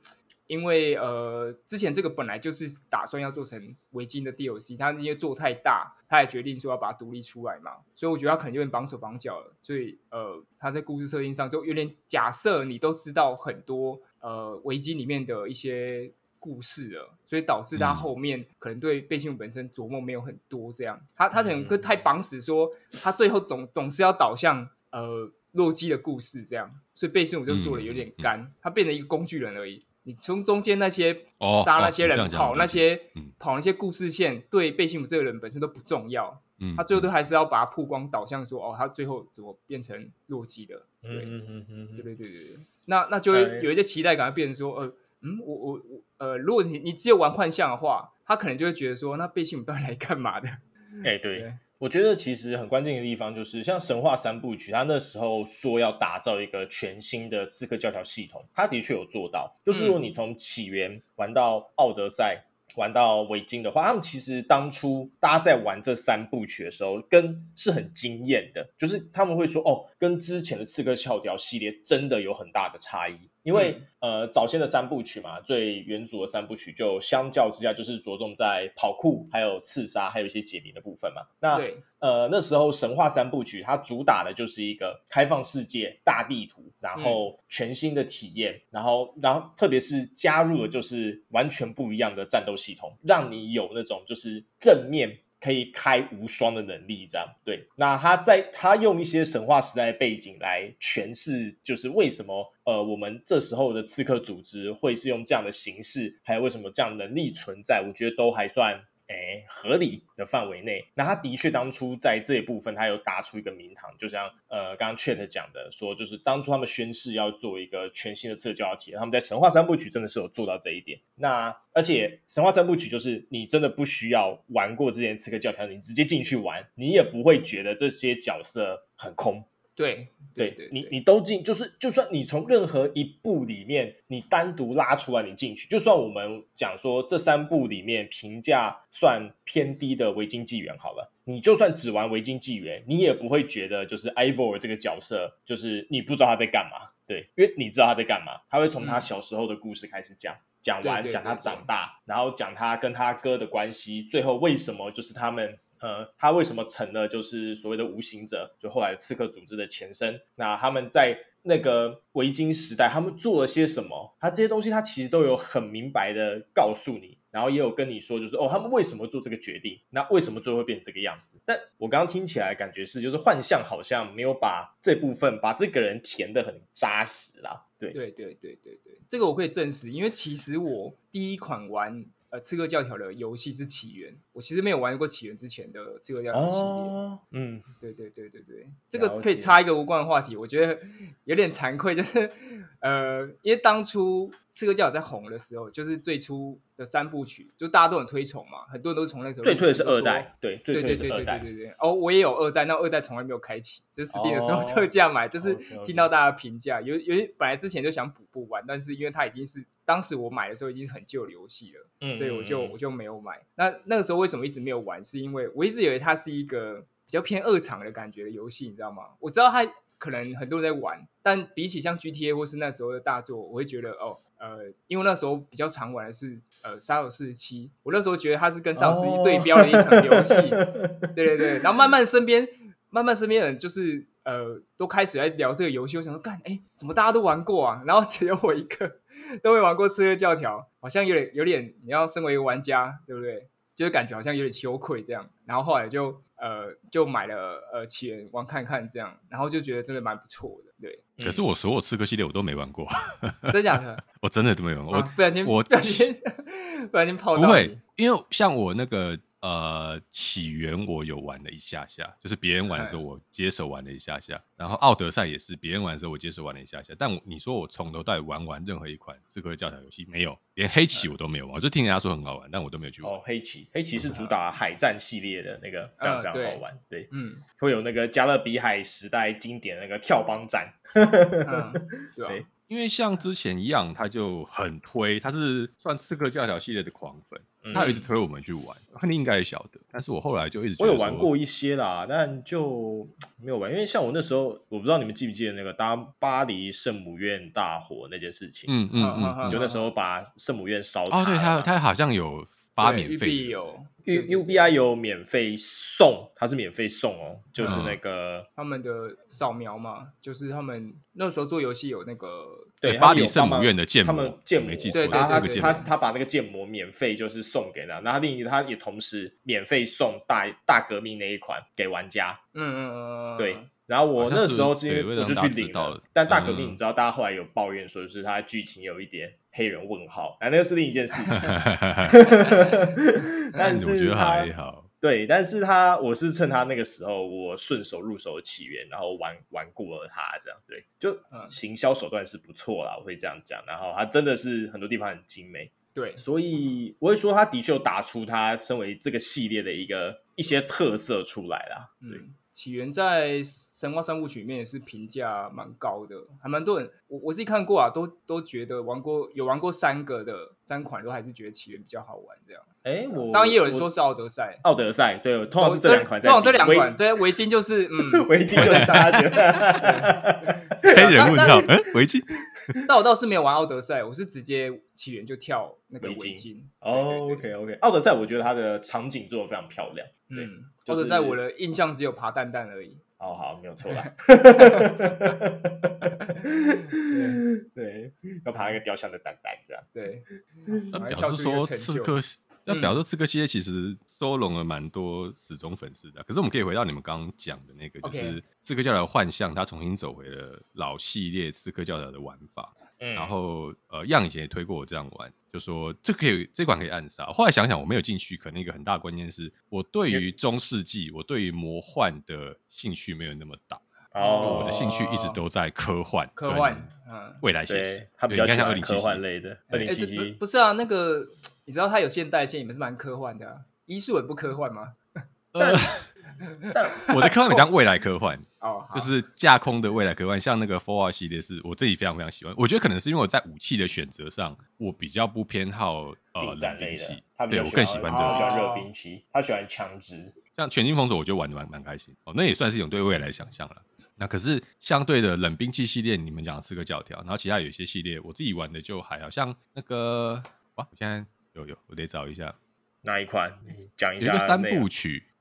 因為呃之前這個本來就是打算要做成維京的 DLC，他因為做太大，他也決定說要把它獨立出來嘛，所以我覺得他可能就有點綁手綁腳了。所以呃，他在故事設定上就有點假設，你都知道很多。呃，維京裡面的一些故事的，所以導致他後面可能對貝辛姆本身琢磨沒有很多這樣，他他可能太綁死說，說他最後總總是要導向呃洛基的故事這樣，所以貝辛姆就做的有點乾、嗯，他變成一個工具人而已。嗯嗯、你從中間那些殺那些人跑、哦哦、那些跑那些故事線，嗯、對貝辛姆這個人本身都不重要，嗯，他最後都還是要把它曝光，導向說哦，他最後怎麼變成洛基的？嗯嗯嗯，嗯，對對對對對。那那就會有一些期待感，okay. 變成說，呃，嗯，我我我，呃，如果你你只有玩幻象的話，他可能就會覺得說，那貝西姆到底來幹嘛的？哎、欸，對，我覺得其實很關鍵的地方就是，像神話三部曲，他那時候說要打造一個全新的刺客教條系統，他的確有做到，就是如果你從起源玩到奧德賽。嗯玩到維京的話，他們其實當初大家在玩這三部曲的時候，跟是很驚艷的，就是他們會說，哦，跟之前的刺客教條系列真的有很大的差異。因為、嗯、呃，早先的三部曲嘛，最原主的三部曲就相較之下就是着重在跑酷、嗯、還有刺殺，還有一些解謎的部分嘛。嗯、那呃，那時候神話三部曲它主打的就是一個開放世界、嗯、大地圖，然後全新的體驗，然後然後特別是加入了就是完全不一樣的戰鬥系統，讓你有那種就是正面。可以開無雙的能力，這樣，對。那他在他用一些神話時代的背景來詮釋，就是為什麼呃我們這時候的刺客組織會是用這樣的形式，還有為什麼這樣的能力存在，我覺得都還算。哎、欸，合理的範圍內，那他的確當初在這一部分，他有打出一個名堂。就像呃，剛剛 Chet 講的，說就是當初他們宣誓要做一個全新的刺客教條體，他們在神話三部曲真的是有做到這一點。那而且神話三部曲就是你真的不需要玩過之前刺客教條，你直接進去玩，你也不會覺得這些角色很空。對，對對，對，對你你都進，就是就算你從任何一部裡面你單獨拉出來你進去，就算我們講說這三部裡面評價算偏低的《維京紀元》好了，你就算只玩《維京紀元》，你也不會覺得就是 Ivor 這個角色就是你不知道他在幹嘛，對，因為你知道他在幹嘛，他會從他小時候的故事開始講，嗯、講完對對對對講他長大，然後講他跟他哥的關係，最後為什麼就是他們。呃、嗯，他為什麼成了就是所謂的無形者，就後來刺客組織的前身？那他們在那個維京時代，他們做了些什麼？他這些東西，他其實都有很明白的告訴你，然後也有跟你說，就是哦，他們為什麼做這個決定？那為什麼最後會變成這個樣子？但我剛剛聽起來的感覺是，就是幻象好像沒有把這部分把這個人填得很扎實啦。對對對對對對，這個我可以證實，因為其實我第一款玩。呃，刺客教條的遊戲是起源，我其實沒有玩過起源之前的刺客教條系列、哦。嗯，對對對對對，這個可以插一個無關的話題。我覺得有點慚愧，就是呃，因為當初刺客教條在紅的時候，就是最初的三部曲，就大家都很推崇嘛，很多人都從那時候最推的是二代，對，對對對對對,對對對對對對對。哦，我也有二代，那二代從來沒有開啟，就是 Steam 的時候、哦、特價買，就是聽到大家評價，哦、有有,有本來之前就想補不完，但是因為它已經是。當時我買的時候已經很舊的遊戲了，嗯嗯，所以我就我就沒有買。那那個時候為什麼一直沒有玩？是因為我一直以為它是一個比較偏二場的感覺的遊戲，你知道嗎？我知道它可能很多人在玩，但比起像 GTA 或是那時候的大作，我會覺得哦，呃，因為那時候比較常玩的是呃《殺手四十七》，我那時候覺得它是跟《沙手十一》對標的一場遊戲。哦、 對對對，然後慢慢身邊慢慢身邊人就是。呃，都開始在聊這個遊戲，我想說，幹，哎，怎麼大家都玩過啊？然後只有我一個都沒玩過《刺客教條》，好像有點有點，你要身為一個玩家，對不對？就是感覺好像有點羞愧這樣。然後後來就呃，就買了呃起源玩看看這樣，然後就覺得真的蠻不錯的。對，可是我所有刺客系列我都沒玩過， 真的假的？ 我真的都沒玩過，過、啊。我，我，我，我，我， 我，我，我，我，我，我，泡到，我，我，因為像我，我，那個。呃，起源我有玩了一下下，就是別人玩的時候我接手玩了一下下。然後奧德賽也是別人玩的時候我接手玩了一下下。但你說我從頭到尾玩完任何一款刺客教條遊戲沒有，連黑旗我都沒有玩，我就聽人家說很好玩，但我都沒有去玩。哦，黑旗，黑旗是主打海戰系列的那個，非、嗯、常非常好玩，呃對。對，嗯，會有那個加勒比海時代經典的那個跳幫戰，嗯 嗯對，啊、對。因為像之前一樣，他就很推，他是算刺客教條系列的狂粉，他一直推我們去玩。你應該也曉得，嗯，但是我後來就一直我有玩過一些啦，但就沒有玩。因為像我那時候，我不知道你們記不記得那個搭巴黎聖母院大火那件事情，嗯？嗯嗯嗯，就那時候把聖母院燒，嗯。嗯嗯嗯嗯嗯，院哦，對，他他好像有。把免費有 U UBI 有免費送，它是免費送哦，就是那個、嗯、他們的掃描嘛，就是他們那時候做遊戲有那個對巴黎聖母院的建模，他們建模技術，對對、對、對他他他，他把那個建模免費就是送給他，然後另一他也同時免費送大大革命那一款給玩家，嗯嗯嗯、呃，對。然後我那時候是因為我就去領了、啊，欸，但大革命你知道，大家後來有抱怨說，就是他劇情有一點黑人問號，哎、嗯啊，那個是另一件事情。哈哈哈，嗯、我覺得還好，對，但是他我是趁他那個時候，我順手入手的起源，然後玩玩過了他這樣，對，就行銷手段是不錯啦，我會這樣講。然後他真的是很多地方很精美。對，所以我會說，他的確有打出他身為這個系列的一個一些特色出來啦。嗯，起源在神話三部曲裡面也是評價蠻高的，還蠻多人，我我自己看過啊，都都覺得玩過有玩過三個的三款都還是覺得起源比較好玩這樣。哎，我當然也有人說是奧德賽，奧德賽對，通常是這兩款，通常這兩款，對維京就是嗯，維 京就是黑 人物跳，嗯，維京。 但我倒是沒有玩奧德賽，我是直接起源就跳那個維京。Oh, OK OK，奧德賽我覺得它的場景做得非常漂亮。對，嗯，奧德賽我的印象只有爬蛋蛋而已。哦、oh,，好，沒有錯啦。 對， 對 要爬一個雕像的蛋蛋這樣。對，然後還跳出一個成就。那表示說刺客系列其實收攏了蠻多死忠粉絲的、嗯，可是我們可以回到你們剛剛講的那個，就是刺客教條的幻象，他重新走回了老系列刺客教條的玩法。嗯，然後呃，樣以前也推過我這樣玩，就說這可以這款可以暗殺。後來想想，我沒有進去，可能一個很大的關鍵是我對於中世紀，我對於魔幻的興趣沒有那麼大。哦、oh,，我的興趣一直都在科幻、科幻、嗯，未來學習它比較像科幻類的。二零七七不是啊？那個你知道它有現代，性，你們是蠻科幻的、啊。一術也不科幻嗎？呃、但 我的科幻比較未來科幻哦，oh, 就是架空的未來科幻，像那個《Four》系列是我自己非常非常喜歡。我覺得可能是因為我在武器的選擇上，我比較不偏好呃、冷兵器，對我更喜歡這個比較熱兵器。他喜歡槍支，像《全境封鎖》我就玩的蠻蠻開心哦，那也算是一種對未來想象了。那、啊、可是相對的冷兵器系列，你們講的是個教條。然後其他有一些系列，我自己玩的就還好像那個，哇，我現在有有，我得找一下哪一款講一下，那個。有一個三部，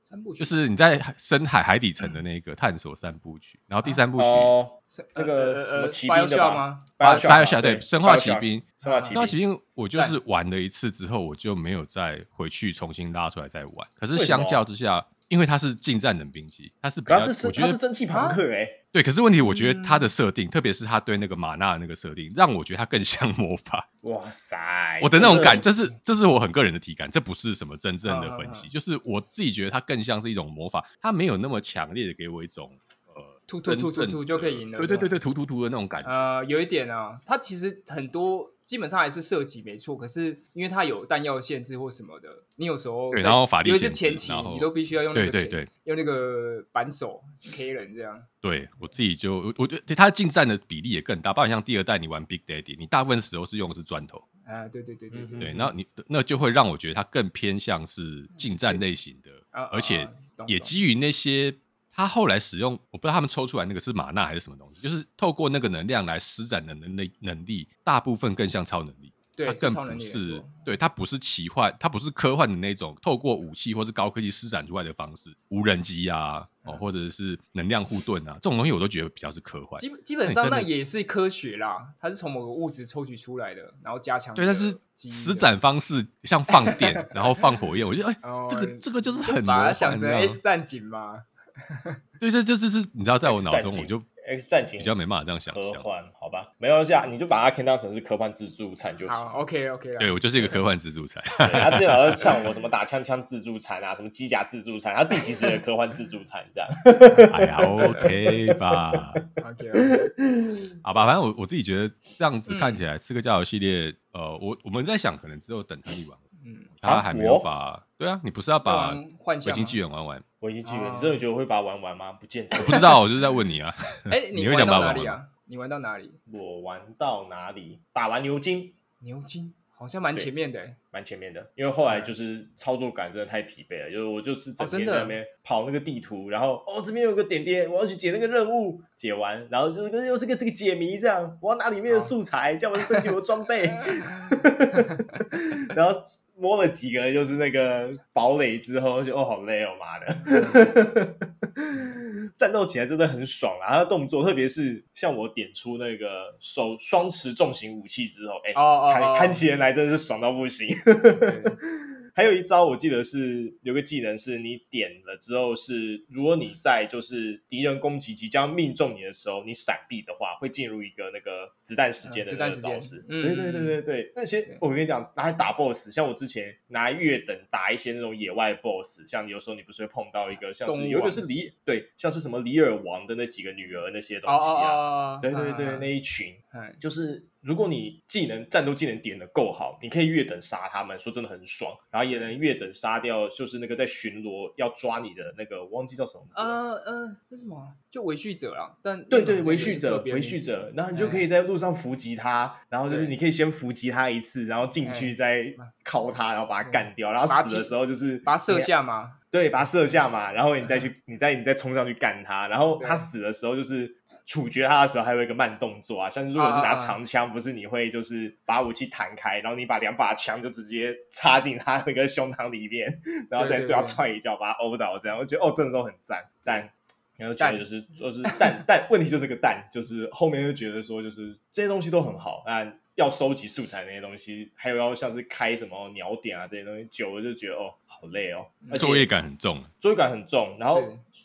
三部曲，就是你在深海海底層的那個、嗯、探索三部曲，然後第三部曲、啊哦呃、那個奇兵呃，什麼奇兵？《BioShock》嗎？啊嗎《對，對《生化奇兵》。《生化奇兵》啊、奇兵我就是玩了一次之後，我就沒有再回去重新拉出來再玩。可是相較之下。因為它是近戰冷兵器，它是比較是他是我覺得是蒸汽朋克誒、欸。對。可是問題，我覺得它的設定、啊，特別是他對那個瑪納的那個設定，讓我覺得它更像魔法。哇塞，我的那種感，這是這是我很個人的體感，這不是什麼真正的分析，啊啊啊就是我自己覺得它更像是一種魔法，它沒有那麼強烈的給我一種呃突突突突突，突突突就可以贏了，對對對、對突突突的那種感覺。呃，有一點啊，它其實很多。基本上還是射擊沒錯，可是因為它有彈藥限制或什麼的，你有時候因為是前期，你都必須要用那個前對，對，對，對，用那個扳手去 K 人這樣。對我自己就，我覺得對，它近戰的比例也更大。包括像第二代，你玩 Big Daddy，你大部分時候是用的是磚頭啊，對對對對對。那、嗯、你那就會讓我覺得它更偏向是近戰類型的，啊、而且也基於那些。他後來使用，我不知道他們抽出來那個是瑪納還是什麼東西，就是透過那個能量來施展能能的能力，能力大部分更像超能力，對，它更不是，是超能力。對，它不是奇幻，它不是科幻的那種，透過武器或是高科技施展出來的方式，無人機啊、喔嗯，或者是能量護盾啊，這種東西我都覺得比較是科幻。基基本上那也是科學啦，它是從某個物質抽取出來的，然後加強。對，但是施展方式像放電， 然後放火焰，我覺得哎，欸 oh, 這個這個就是很、啊、就把它想成 S 戰警嗎？ 對，這就是是，你知道，在我腦中我就比較沒辦法這樣想科幻，好吧？沒關係啊，你就把它看當成是科幻自助餐就行。Oh, OK OK, right. 對我就是一個科幻自助餐。 他自己老是像我什麼打槍槍自助餐啊，什麼機甲自助餐，他自己其實也是科幻自助餐這樣。 哎呀，OK 吧？OK 好吧，反正我我自己覺得這樣子看起來，刺、嗯、客教條系列，呃，我我們在想，可能只有等他玩完， 嗯，他還沒有把對啊，你不是要把《維京紀元》玩完？嗯我已經記得，你真的覺得我會把它玩完嗎？Oh. 不見得，我 不知道，我就是在問你啊。 欸、你,玩啊你會想把它玩完嗎你玩到哪裡啊？你玩到哪裡？我玩到哪裡？打完牛津，牛津好像蠻前面的、欸。蠻前面的，因為後來就是操作感真的太疲憊了，嗯、就是我就是整天在那邊跑那個地圖，哦、然後哦這邊有個點點，我要去解那個任務，解完然後就是又是個這個解謎這樣，我要拿裡面的素材，哦、叫我升級我的裝備， 然後摸了幾個就是那個堡壘之後，就哦好累哦，我媽的， 戰鬥起來真的很爽啊，他的動作特別是像我點出那個手雙持重型武器之後，哎，看、oh, oh, oh. 看起來真的是爽到不行。呵呵呵，還有一招，我記得是有個技能，是你點了之後是，如果你在就是敵人攻擊即將命中你的時候，你閃避的話，會進入一個那個子彈時間的那個招式、啊。對對對、嗯、對對對，那些我跟你講，拿打，打 boss，像我之前拿月等打一些那種野外 boss，像你有時候你不是會碰到一個像是有一個是李對，像是什麼李爾王的那幾個女兒那些東西啊，哦哦哦哦哦對對對、啊，那一群。嗯，就是如果你技能、嗯、戰鬥技能點的夠好，你可以越等殺他們，說真的很爽。然後也能越等殺掉，就是那個在巡邏要抓你的那個，忘記叫什麼。呃呃，這什麼？就維續者啊。但對,對對，維續者，維續者,者。然後你就可以在路上伏擊他、哎。然後就是你可以先伏擊他一次，然後進去再靠他，然後把他幹掉、哎。然後死的時候就是、哎、把他射下嘛。對，把他射下嘛。然後你再去，嗯、你再你再衝上去幹他。然後他死的時候就是。處決他的時候還有一個慢動作啊，像是如果是拿長槍，不是你會就是把武器彈開啊啊啊，然後你把兩把槍就直接插進他那個胸膛裡面，然後再對他踹一腳，把他毆倒這樣，對對對我覺得哦，真的都很贊。但，但然後覺得就是就是但但，但 問題就是個但，就是後面又覺得說就是這些東西都很好，但。要收集素材那些東西，還有要像是開什麼鳥點啊這些東西，久了就覺得哦好累哦，作業感很重，作業感很重。然後，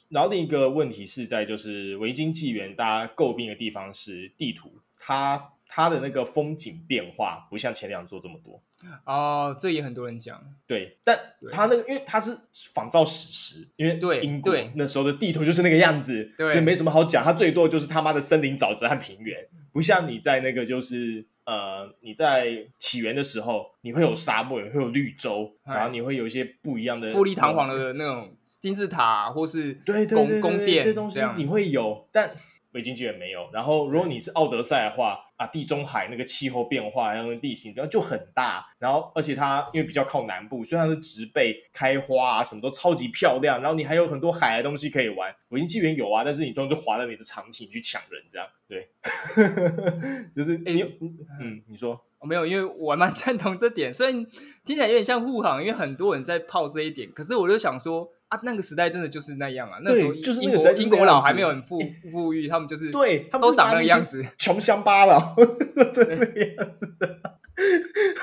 然後另一個問題是在就是維京紀元大家詬病的地方是地圖，它。它的那個風景變化不像前兩作這麼多哦、呃，這也很多人講。對，但它那個因為它是仿造史實，因為對英國對對那時候的地圖就是那個樣子，對所以沒什麼好講。它最多的就是他媽的森林、沼澤和平原，不像你在那個就是呃你在起源的時候，你會有沙漠，也會有綠洲，然後你會有一些不一樣的富麗堂皇的那種金字塔或是對對宮宮殿這東西你會有，但維京紀元沒有。然後如果你是奧德賽的話。嗯啊，地中海那個氣候變化，然後那個地形，然後就很大，然後而且它因為比較靠南部，所以它的植被、開花啊，什麼都超級漂亮。然後你還有很多海的東西可以玩。維京紀元有啊，但是你專門就划了你的長艇去搶人，這樣對， 就是你、欸，嗯，你說、哦、沒有，因為我蠻贊同這點，雖然聽起來有點像護航，因為很多人在砲這一點，可是我就想說。啊，那個時代真的就是那樣啊！那時候就是英國，就是、英國佬還沒有很富裕、欸、富裕，他們就是，對，他們都長那個樣子，窮鄉巴佬， 這個樣子的。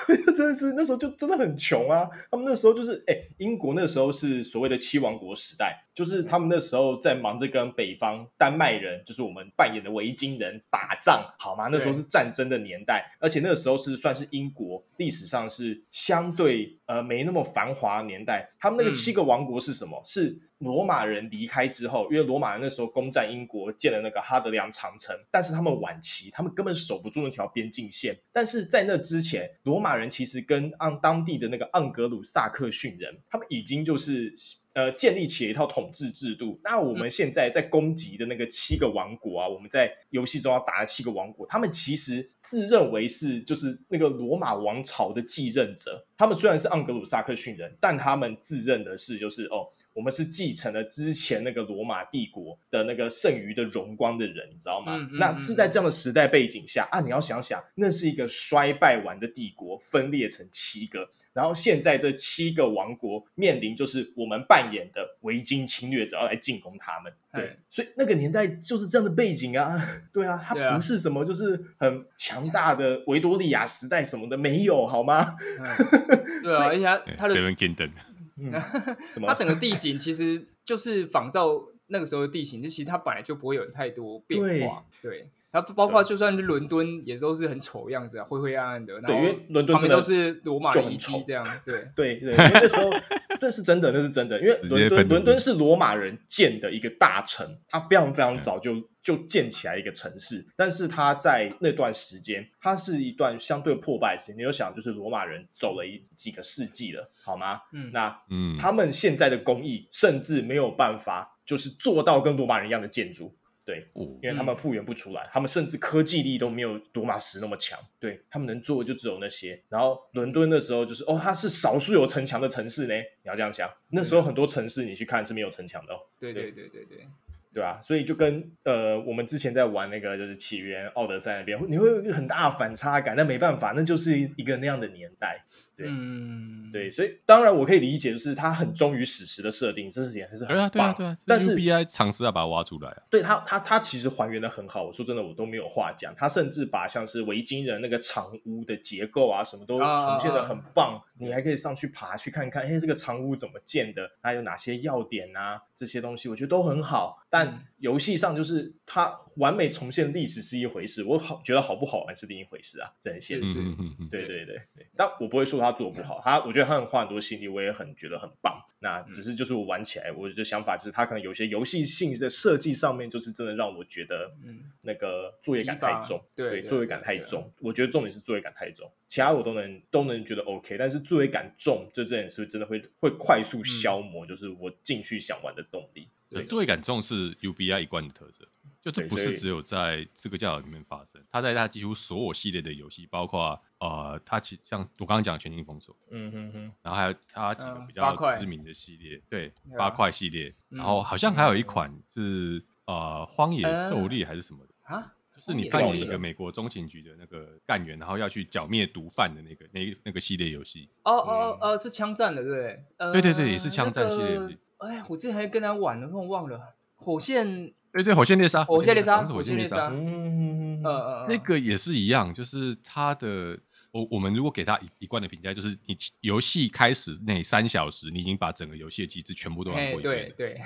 真的是那時候就真的很窮啊！他們那時候就是哎、欸，英國那時候是所謂的七王國時代，就是他們那時候在忙着跟北方丹麥人，就是我們扮演的維京人打仗，好嗎？那時候是戰爭的年代，而且那個時候是算是英國歷史上是相對呃沒那麼繁華的年代。他們那個七個王國是什麼？嗯、是。羅馬人離開之後，因為羅馬人那時候攻占英國，建了那個哈德良長城，但是他們晚期，他們根本守不住那條邊境線。但是在那之前，羅馬人其實跟盎當地的那個盎格魯薩克遜人，他們已經就是呃建立起了一套統治制度。那我們現在在攻擊的那個七個王國啊，嗯、我們在遊戲中要打的七個王國，他們其實自認為是就是那個羅馬王朝的繼任者。他們雖然是盎格魯薩克遜人，但他們自認的是就是哦。我們是繼承了之前那個羅馬帝國的那個剩餘的榮光的人，你知道嗎？嗯嗯、那是在這樣的時代背景下，嗯嗯、啊！你要想想，那是一個衰敗完的帝國，分裂成七個，然後現在這七個王國面臨就是我們扮演的維京侵略者要來進攻他們。對，所以那個年代就是這樣的背景啊！對啊，它不是什麼就是很強大的維多利亞時代什麼的，沒有好嗎？對啊， 而且他的。他嗯，它 整個地景其實就是仿照那個時候的地形，就 其實它本來就不會有太多變化，對。對。它包括就算是倫敦，也都是很醜樣子啊，灰灰暗暗的。那因為倫敦旁邊都是羅馬遺跡，這樣對 對對。因為那時候那 是真的，那是真的。因為倫敦，倫敦是羅馬人建的一個大城，它非常非常早就就建起來一個城市。嗯、但是它在那段時間，它是一段相對破敗時期。你有想，就是羅馬人走了一幾個世紀了，好嗎？嗯，那嗯，他們現在的工藝甚至沒有辦法，就是做到跟羅馬人一樣的建築。對，因為他們復原不出來，嗯、他們甚至科技力都沒有羅馬史那麼強。對，他們能做就只有那些。然後倫敦的時候就是，哦，它是少數有城牆的城市呢。你要這樣想，那時候很多城市你去看是沒有城牆的。嗯、哦對。對對對對對。對吧、啊？所以就跟呃，我們之前在玩那個就是起源、奧德賽那邊，你會有一個很大的反差感。但沒辦法，那就是一個那樣的年代。對、啊，嗯。對，所以當然我可以理解，就是他很忠於史實的設定，這是也還是很棒。對啊，對啊，對啊。但是 BI 嘗試要把它挖出來啊。對他，他他其實還原的很好。我說真的，我都沒有話講。他甚至把像是維京人那個長屋的結構啊，什麼都呈現的很棒、啊。你還可以上去爬去看看，哎、欸，這個長屋怎麼建的？它有哪些要點啊？這些東西我覺得都很好，但。但遊戲上就是它完美重現歷史是一回事，嗯、我好覺得好不好玩是另一回事啊，這很現實。對對對、嗯、對、對、對，但我不會說它做得不好。嗯，他，我覺得它很花很多心力，我也很覺得很棒。那只是就是我玩起來，我的想法就是它可能有些遊戲性的設計上面，就是真的讓我覺得，嗯、那個作業感太重，對、對、對，作業感太重，我覺得重點是作業感太重。我覺得重點是作業感太重，其他我都能都能覺得 OK，但是作業感重，就這件事真的會會快速消磨，嗯、就是我進去想玩的動力。作業感重是 UBI 一貫的特色，就這不是只有在這個教 e 裡面發生，他在他幾乎所有系列的遊戲，包括呃他其像我剛剛講《全境封鎖》，嗯哼哼，然後還有他幾個比較知名的系列，嗯、對,對，八塊系列、嗯，然後好像還有一款是、嗯、呃荒野狩獵》還是什麼的啊？就是你扮演一個美國中情局的那個幹員，然後要去剿滅毒販的那個那個、那個系列遊戲。哦、嗯、哦哦、呃，是槍戰的對不對、呃？對對對，也是槍戰系列、那個。哎，我之前還跟他玩忘了，但我忘了火線。對、欸、對，火線獵殺，火線獵殺、欸，火線獵殺。嗯，呃、嗯嗯嗯嗯，這個也是一樣，就是他的，我我們如果給他一一貫的評價，就是你遊戲開始那三小時，你已經把整個遊戲的機制全部都玩過一遍。對，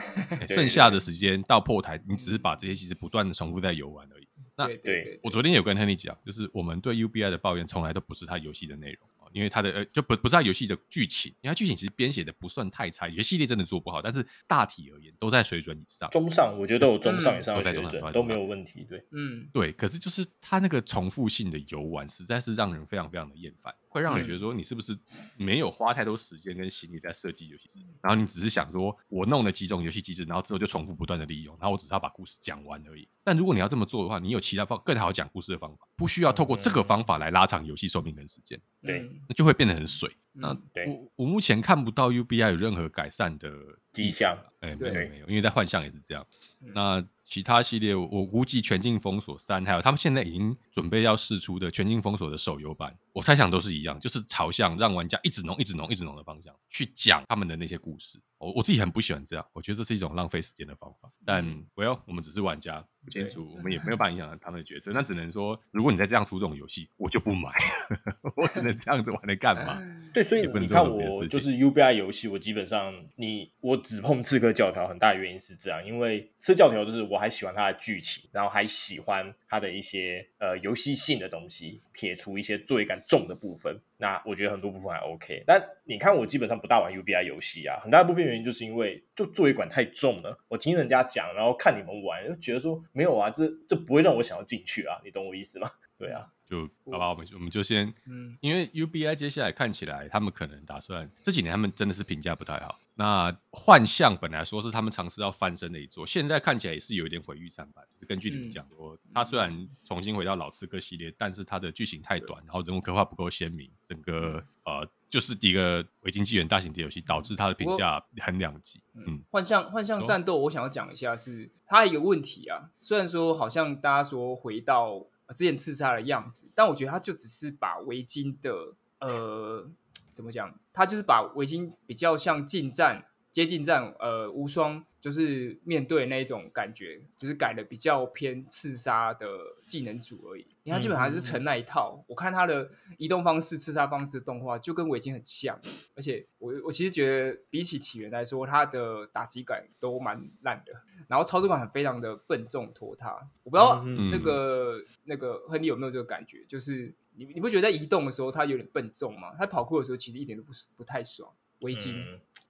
剩下的時間到破台，你只是把這些機制不斷的重複在遊玩而已。嗯、那對，對，對我昨天有跟亨利講，就是我們對 UBI 的抱怨從來都不是他遊戲的內容。因為它的呃，就不不是它遊戲的劇情，因為它劇情其實編寫的不算太差，有些系列真的做不好，但是大體而言都在水準以上。中上，我覺得都有中上以上的水準，嗯，都在中上，都在中上，都沒有問題，對，嗯，對。可是就是它那個重複性的遊玩，實在是讓人非常非常的厭煩。會讓你覺得說，你是不是沒有花太多時間跟心力在設計遊戲機制，然後你只是想說，我弄了幾種遊戲機制，然後之後就重複不斷的利用，然後我只是要把故事講完而已。但如果你要這麼做的話，你有其他方更好講故事的方法，不需要透過這個方法來拉長遊戲壽命跟時間。對，那就會變得很水。那我我目前看不到 UBI 有任何改善的跡象。哎，沒有沒有，因為在幻象也是這樣。那。其他系列，我，我估計《全境封鎖三》還有他們現在已經準備要釋出的《全境封鎖》的手遊版，我猜想都是一樣，就是朝向讓玩家一直農、一直農、一直農的方向去講他們的那些故事。我我自己很不喜歡這樣，我覺得這是一種浪費時間的方法。但 Well，、嗯嗯、我們只是玩家，不清楚，我們也沒有辦法影響他們的角色。那只能說， 如果你再這樣出這種遊戲，我就不買。 我只能這樣子玩的 能幹嘛？對，所以你看，我就是 UBI 遊戲，我基本上你我只碰刺客教條，很大的原因是這樣，因為刺客教條就是我還喜歡它的劇情，然後還喜歡它的一些呃遊戲性的東西，撇除一些作業感重的部分。那我覺得很多部分還 OK，但你看我基本上不大玩 UBI 遊戲啊，很大一部分原因就是因為就作業感太重了。我聽人家講，然後看你們玩，就覺得說沒有啊，這這不會讓我想要進去啊，你懂我意思嗎？對啊，就好吧，我們我，我們就先，嗯，因為 UBI 接下來看起來他們可能打算，這幾年他們真的是評價不太好。那幻象本來說是他們嘗試要翻身的一作。現在看起來也是有一點毀譽參半。就是根據你們講說、嗯，他雖然重新回到老刺客系列，但是他的劇情太短，然後人物刻畫不夠鮮明，整個、嗯、呃就是一個維京紀元大型的遊戲，導致他的評價很兩極。嗯，幻象幻象戰鬥，我想要講一下是它、哦、一個問題啊。雖然說好像大家說回到之前刺殺的樣子，但我覺得他就只是把維京的呃。 怎麼講？他就是把維京比較像近戰、接近戰，呃，無雙就是面對那一種感覺，就是改的比較偏刺殺的技能組而已。為、欸、看，他基本上是成那一套。我看他的移動方式、刺殺方式的動畫就跟維京很像，而且我我其實覺得比起起源來說，他的打擊感都蠻爛的，然後操作感很非常的笨重拖沓。我不知道那個那個亨利有沒有這個感覺，就是。你你不覺得在移動的時候它有點笨重嗎？它跑酷的時候其實一點都不不太爽。圍巾，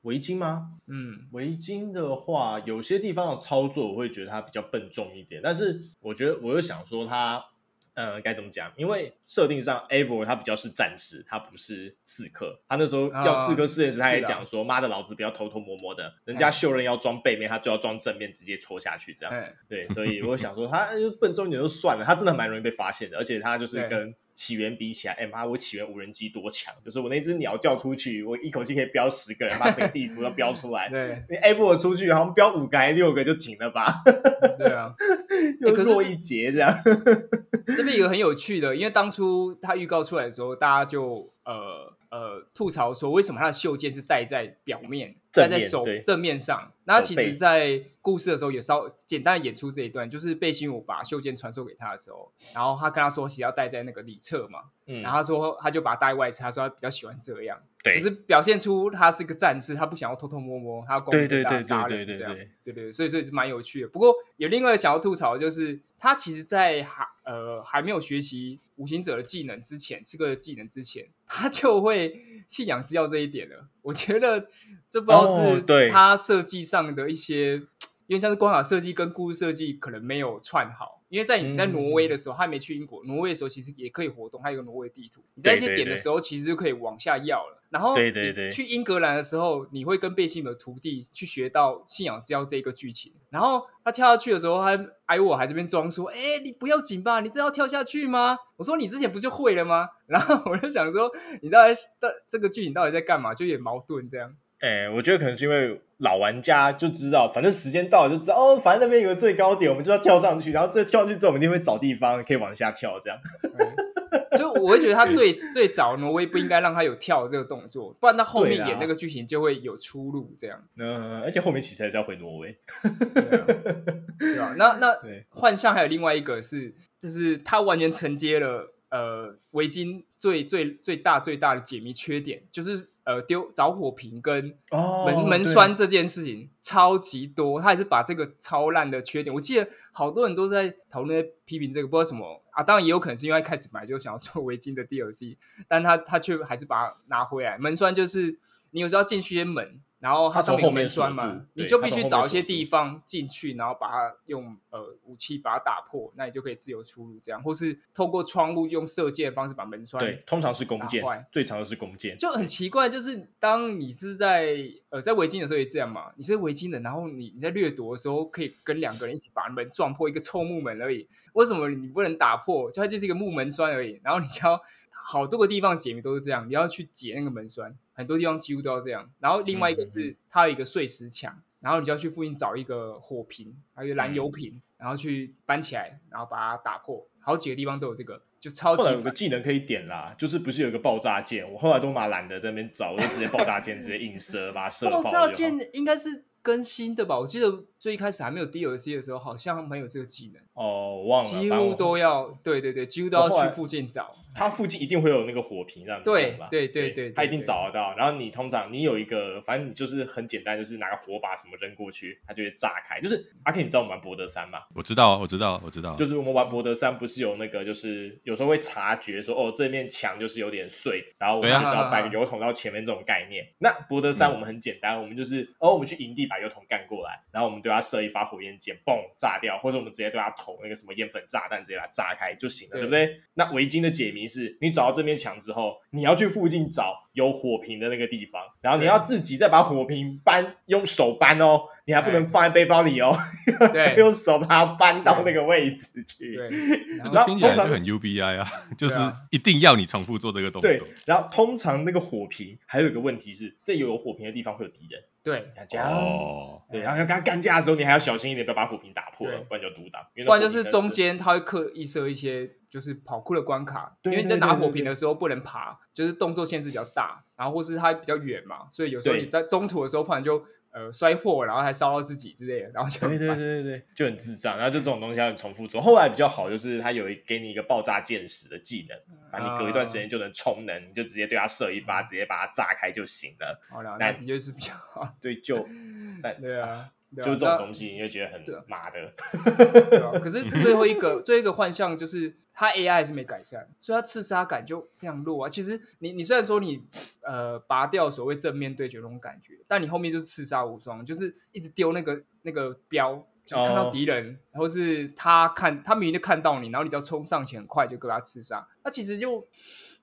圍、嗯、巾嗎？嗯，圍巾的話，有些地方的操作我會覺得它比較笨重一點。但是我覺得，我又想說它，嗯、呃，該怎麼講？因為設定上 Eivor 他比較是戰士，他不是刺客。他那時候要刺客試驗時，他也講說：“媽、啊、的，老子不要偷偷摸摸的，人家秀人要裝背面，他就要裝正面，直接戳下去。”這樣，對，所以我想說，它就笨重一點就算了。它真的蠻容易被發現的，而且它就是跟。起源比起來，哎、欸、媽，我起源無人機多強！就是我那只鳥叫出去，我一口氣可以飆十個人，把整個地圖都飆出來 對。你 F 我出去好像飆五個、還是六個就停了吧？對啊，又落一截這樣。欸、這,這邊有個很有趣的，因為當初他預告出來的時候，大家就呃呃吐槽說，為什麼他的袖劍是戴在表面？戴在手正面，正面上，那其實在故事的時候也稍微簡單的演出這一段，就是貝辛姆把袖劍傳授給他的時候，然後他跟他說，是要戴在那個裡側嘛，嗯，然後他說，他就把它戴外側，他說他比較喜歡這樣。只、就是表現出他是個戰士，他不想要偷偷摸摸，他要攻擊，他要殺人這樣，對不對？對，對，對。所以，所以是蠻有趣的。不過，有另外一個想要吐槽，就是他其實在，在還呃還沒有學習五行者的技能之前，刺客的技能之前，他就會信仰之躍這一點了。我覺得這不知道是他設計上的一些，哦、因為像是關卡設計跟故事設計可能沒有串好。因為在你在挪威的時候，他、嗯、還沒去英國。挪威的時候其實也可以活動，還有個挪威地圖。你在這些點的時候對對對，其實就可以往下要了。然後對，對，對。去英格蘭的時候，你會跟貝西姆的徒弟去學到信仰之躍這個劇情。然後他跳下去的時候，他挨我還這邊裝說，哎、欸、你不要緊吧？你真要跳下去嗎？我說你之前不就會了嗎？然後我就想說，你到底到這個劇情到底在幹嘛？就有點矛盾這樣。哎，我覺得可能是因為老玩家，就知道，反正時間到了就知道哦，反正那邊有個最高點，我們就要跳上去。然後這跳上去之後，我們一定會找地方可以往下跳，這樣、嗯。就我會覺得他最最早挪威不應該讓他有跳這個動作，不然他後面演那個劇情就會有出入這樣。嗯、啊，而且後面其實還是要回挪威。對啊，對啊對啊，那那幻象還有另外一個是，就是他完全承接了。呃，維京最最最大最大的解謎缺點就是呃丟着火瓶跟門、oh, 門栓這件事情超級多，他還是把這個超爛的缺點，我記得好多人都是在討論在批評這個，不知道什麼啊，當然也有可能是因為一開始買就想要做維京的 DLC，但他他卻還是把它拿回來。門栓就是你有時候進去些門。然後它從後面栓嘛，你就必須找一些地方進去，然後把它用呃武器把它打破，那你就可以自由出入這樣，或是透過窗戶用射箭的方式把門栓。對，通常是弓箭，最常的是弓箭。就很奇怪，就是當你是在呃在圍巾的時候也這樣嘛，你是維京的，然後你你在掠奪的時候可以跟兩個人一起把門撞破一個臭木門而已，為什麼你不能打破？就它就是一個木門栓而已，然後你就要好多個地方解謎都是這樣，你要去解那個門栓。很多地方幾乎都要這樣，然後另外一個是、嗯、它有一個碎石牆，然後你就要去附近找一個火瓶，還有一個燃油瓶、嗯，然後去搬起來，然後把它打破。好幾個地方都有這個，就超級。有個技能可以點啦，就是不是有個爆炸箭？我後來都蠻懶得在那邊找，我就直接爆炸箭 直接硬射，把它射爆、就是、是爆炸箭應該是更新的吧？我記得。最一開始還沒有 DLC 的時候，好像沒有這個技能哦，我忘了。幾乎都要，對對對，幾乎都要去附近找。它附近一定會有那個火瓶，這樣子對吧？對對對，對，對他一定找得到。然後你通常你有一個，反正你就是很簡單，就是拿個火把什麼扔過去，它就會炸開。就是阿、啊、Ken 你知道我們玩博德三嗎？我知道，我知道，我知道。就是我們玩博德三，不是有那個，就是有時候會察覺說，哦，這面牆就是有點碎，然後我們就是要擺個油桶到前面這種概念。啊、那博德三我們很簡單，嗯、我們就是哦，我們去營地把油桶幹過來，然後我們對他射一發火焰箭，嘣炸掉，或者我們直接對他投那個什麼煙粉炸彈，直接來炸開就行了，對,對不對？那圍巾的解謎是你找到這面牆之後，你要去附近找有火瓶的那個地方，然後你要自己再把火瓶搬，用手搬哦，你還不能放在背包裡哦， 用手把它搬到那個位置去。對，然後通常就很 UBI 啊,啊，就是一定要你重複做這個動作。對，然後通常那個火瓶還有一個問題是，這有,有火瓶的地方會有敵人。對，哦，oh, 對，然後剛剛幹架的時候，你還要小心一點，不要把火瓶打破了，不然就毒打。不然就是中間他會刻意設一些就是跑酷的關卡，對對對對對對，因為你在拿火瓶的時候不能爬，就是動作限制比較大，然後或是它比較遠嘛，所以有時候你在中途的時候，突然就。呃，摔貨，然後還燒到自己之類的，然後就對對對對對，就很智障，然後就這種東西要很重複做。後來比較好，就是它有一給你一個爆炸箭矢的技能，把、嗯、你隔一段時間就能充能，你就直接對它射一發，嗯、直接把它炸開就行了。了那的確是比較好，對就，對啊。就這種東西，你就、啊、覺得很麻的對、啊 對啊。可是最後一個最後一個幻象，就是，他 AI 是沒改善，所以他刺殺感就非常弱啊。其實你你雖然說你呃拔掉的所謂正面對決那種感覺，但你後面就是刺殺無雙，就是一直丟那個那個鏢，就是看到敵人，然、哦、後是他看他明明就看到你，然後你只要衝上前，很快就給他刺殺。那其實就。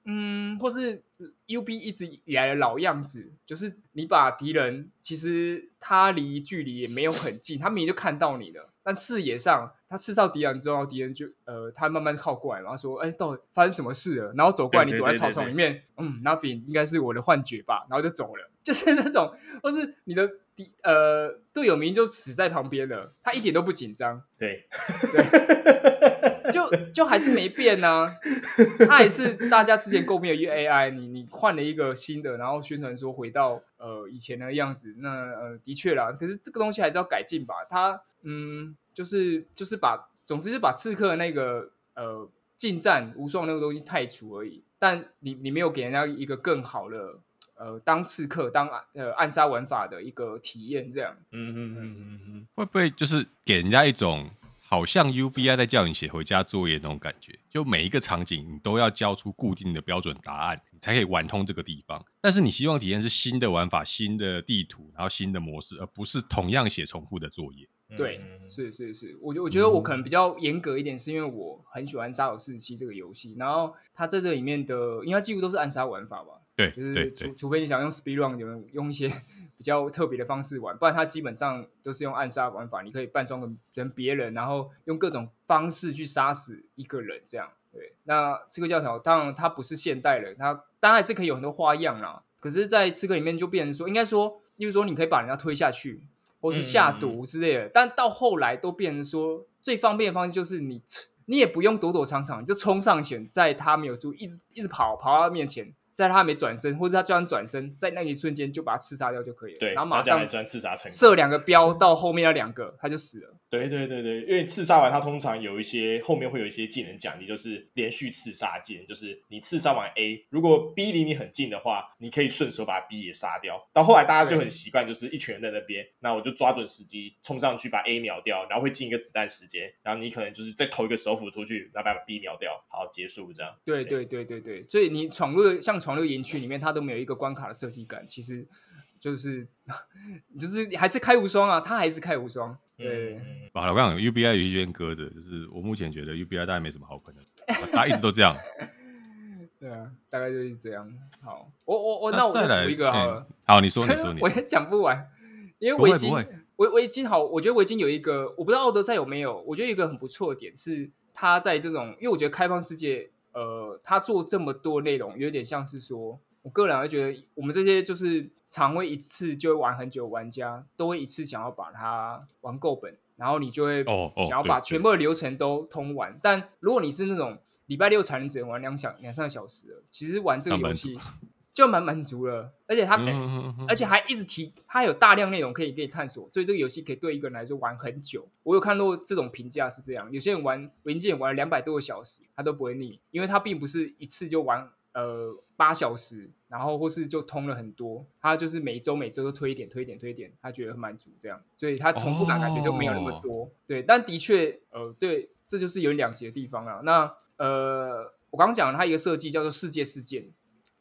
嗯，或是 U B 一直以來的老樣子，就是你把敵人，其實他離距離也沒有很近，他明明就看到你了，但視野上他刺到敵人之後，敵人就呃，他慢慢靠過來，然後說，哎、欸，到底發生什麼事了？然後走過來，你躲在草叢裡面，對對對對對嗯，nothing，應該是我的幻覺吧，然後就走了，就是那種，或是你的敵呃隊友明明就死在旁邊了，他一點都不緊張，對。 對 就就還是沒變呢、啊，他也是大家之前詬病的一個 AI，你你換了一個新的，然後宣傳說回到呃以前的樣子，那呃的確啦，可是這個東西還是要改進吧，他嗯就是就是把，總之是把刺客那個呃近戰無雙那個東西太除而已，但你你沒有給人家一個更好的呃當刺客當呃暗殺玩法的一個體驗，這樣，嗯哼嗯哼嗯嗯嗯，會不會就是給人家一種？好像 UBI 在叫你寫回家作業那種感覺，就每一個場景你都要交出固定的標準答案，你才可以玩通這個地方。但是你希望體驗是新的玩法、新的地圖，然後新的模式，而不是同樣寫重複的作業。對，是是是，我我覺得我可能比較嚴格一點，是因為我很喜歡殺手四十七這個遊戲，然後它在這裡面的，應該幾乎都是暗殺玩法吧？對，就是除對對除非你想用 speed run，你們用一些。比較特別的方式玩，不然他基本上都是用暗殺玩法。你可以扮裝成別人，然後用各種方式去殺死一個人，這樣。對，那刺客教條當然他不是現代人，他當然還是可以有很多花樣啦。可是，在刺客裡面就變成說，應該說，例如說，你可以把人家推下去，或是下毒之類的，嗯嗯嗯。但到後來都變成說，最方便的方式就是你，你也不用躲躲藏藏，你就衝上前，在他沒有注意，一直一直跑，跑到他面前。在他沒轉身，或者他叫人轉身，在那一瞬間就把他刺殺掉就可以了。對，然後馬上射兩個鏢到後面那兩個，他就死了。對對對對，因為刺殺完他通常有一些後面會有一些技能獎勵，就是連續刺殺技能，就是你刺殺完 A，如果 B 離你很近的話，你可以順手把 B 也殺掉。到後來大家就很習慣，就是一拳在那邊，那我就抓準時機衝上去把 A 秒掉，然後會進一個子彈時間，然後你可能就是再投一個手斧出去，然後把 B 秒掉，好結束這樣對。對對對對對，所以你闖入像闖入營區裡面，它都沒有一個關卡的設計感，其實就是、就是、就是還是開無雙啊，他還是開無雙。對，對，對，好了，我跟你講，U B I 有一邊擱着，就是我目前覺得 U B I 大概沒什麼好可能，他一直都這樣。 對啊，大概就一直這樣。好，我我我，那，那我再來一個好了。欸、好，你說你說你說， 我也講不完，因為不會不會我已經我我已經好，我覺得我已經有一個，我不知道奧德賽有沒有，我覺得一個很不錯的點是，他在這種，因為我覺得開放世界，呃，他做這麼多內容，有點像是說。我個人會覺得，我們這些就是常會一次就會玩很久的玩家，都會一次想要把它玩夠本，然後你就會想要把全部的流程都通完。Oh, oh, 但如果你是那種禮拜六才能只能玩兩小兩三個小時，其實玩這個遊戲就蠻滿足了滿滿足。而且他、嗯、哼哼而且還一直提，他有大量內容可以給你探索，所以這個遊戲可以對一個人來說玩很久。我有看到這種評價是這樣，有些人玩《原神》玩了兩百多個小時，他都不會膩，因為他並不是一次就玩。呃，八小時，然後或是就通了很多，他就是每周每周都推一點，推一點，推一點，他覺得很滿足，這樣，所以他重複感感覺就沒有那麼多、哦，對，但的確，呃，對，這就是有兩極的地方啦。那呃，我剛剛講了他一個設計叫做世界事件，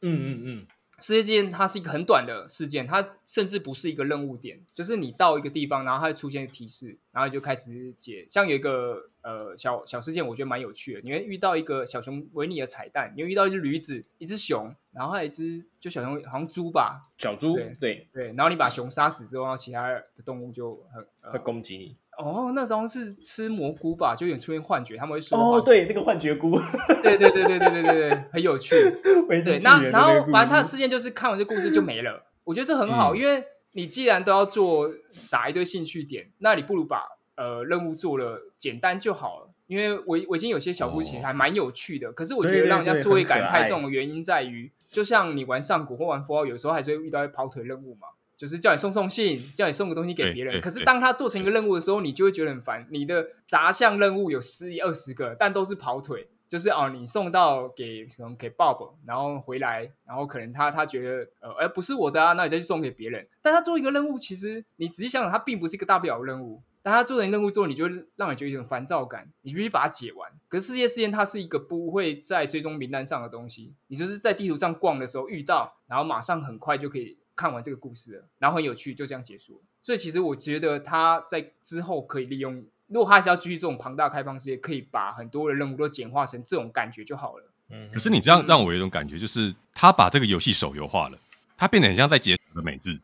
嗯嗯嗯。世界事件它是一個很短的事件，它甚至不是一個任務點，就是你到一個地方，然後它會出現提示，然後你就開始解。像有一個呃小小事件，我覺得蠻有趣的，你會遇到一個小熊維尼的彩蛋，你會遇到一隻驢子、一隻熊，然後還有一隻就小熊好像豬吧，小豬對對對，然後你把熊殺死之後，然後其他的動物就很、呃、會攻擊你。哦，那時候是吃蘑菇吧，就有點出現幻覺，他們會說話哦，對，那個幻覺菇，對對對對對對對對，很有趣。 對，了那，那然後反正他的事件就是看完這故事就沒了，我覺得這很好，嗯、因為你既然都要做撒一堆興趣點，那你不如把呃任務做了簡單就好了，因為我我已經有些小故事還蠻有趣的。哦，可是我覺得讓人家作業感太重的原因在於，就像你玩上古或玩 FO，有時候還是會遇到跑腿任務嘛。就是叫你送送信，叫你送個東西給別人，欸。可是當他做成一個任務的時候，欸、你就會覺得很煩，欸。你的雜項任務有十、一二十個，但都是跑腿，就是哦，你送到給可能給 Bob，然後回來，然後可能他他覺得呃、欸，不是我的啊，那你再去送給別人。但他做一個任務，其實你仔細想想，他並不是一個大不了的任務。但他做成任務之後，你就會讓你覺得一種煩躁感，你必須把它解完。可是世界事件，它是一個不會在追蹤名單上的東西，你就是在地圖上逛的時候遇到，然後馬上很快就可以看完這個故事了，然後很有趣，就這樣結束。所以其實我覺得他在之後可以利用，如果他還是要繼續這種龐大開放世界，可以把很多的任務都簡化成這種感覺就好了。嗯，可是你這樣讓我有一種感覺，就是他把這個遊戲手遊化了，他變得很像在解鎖的美日。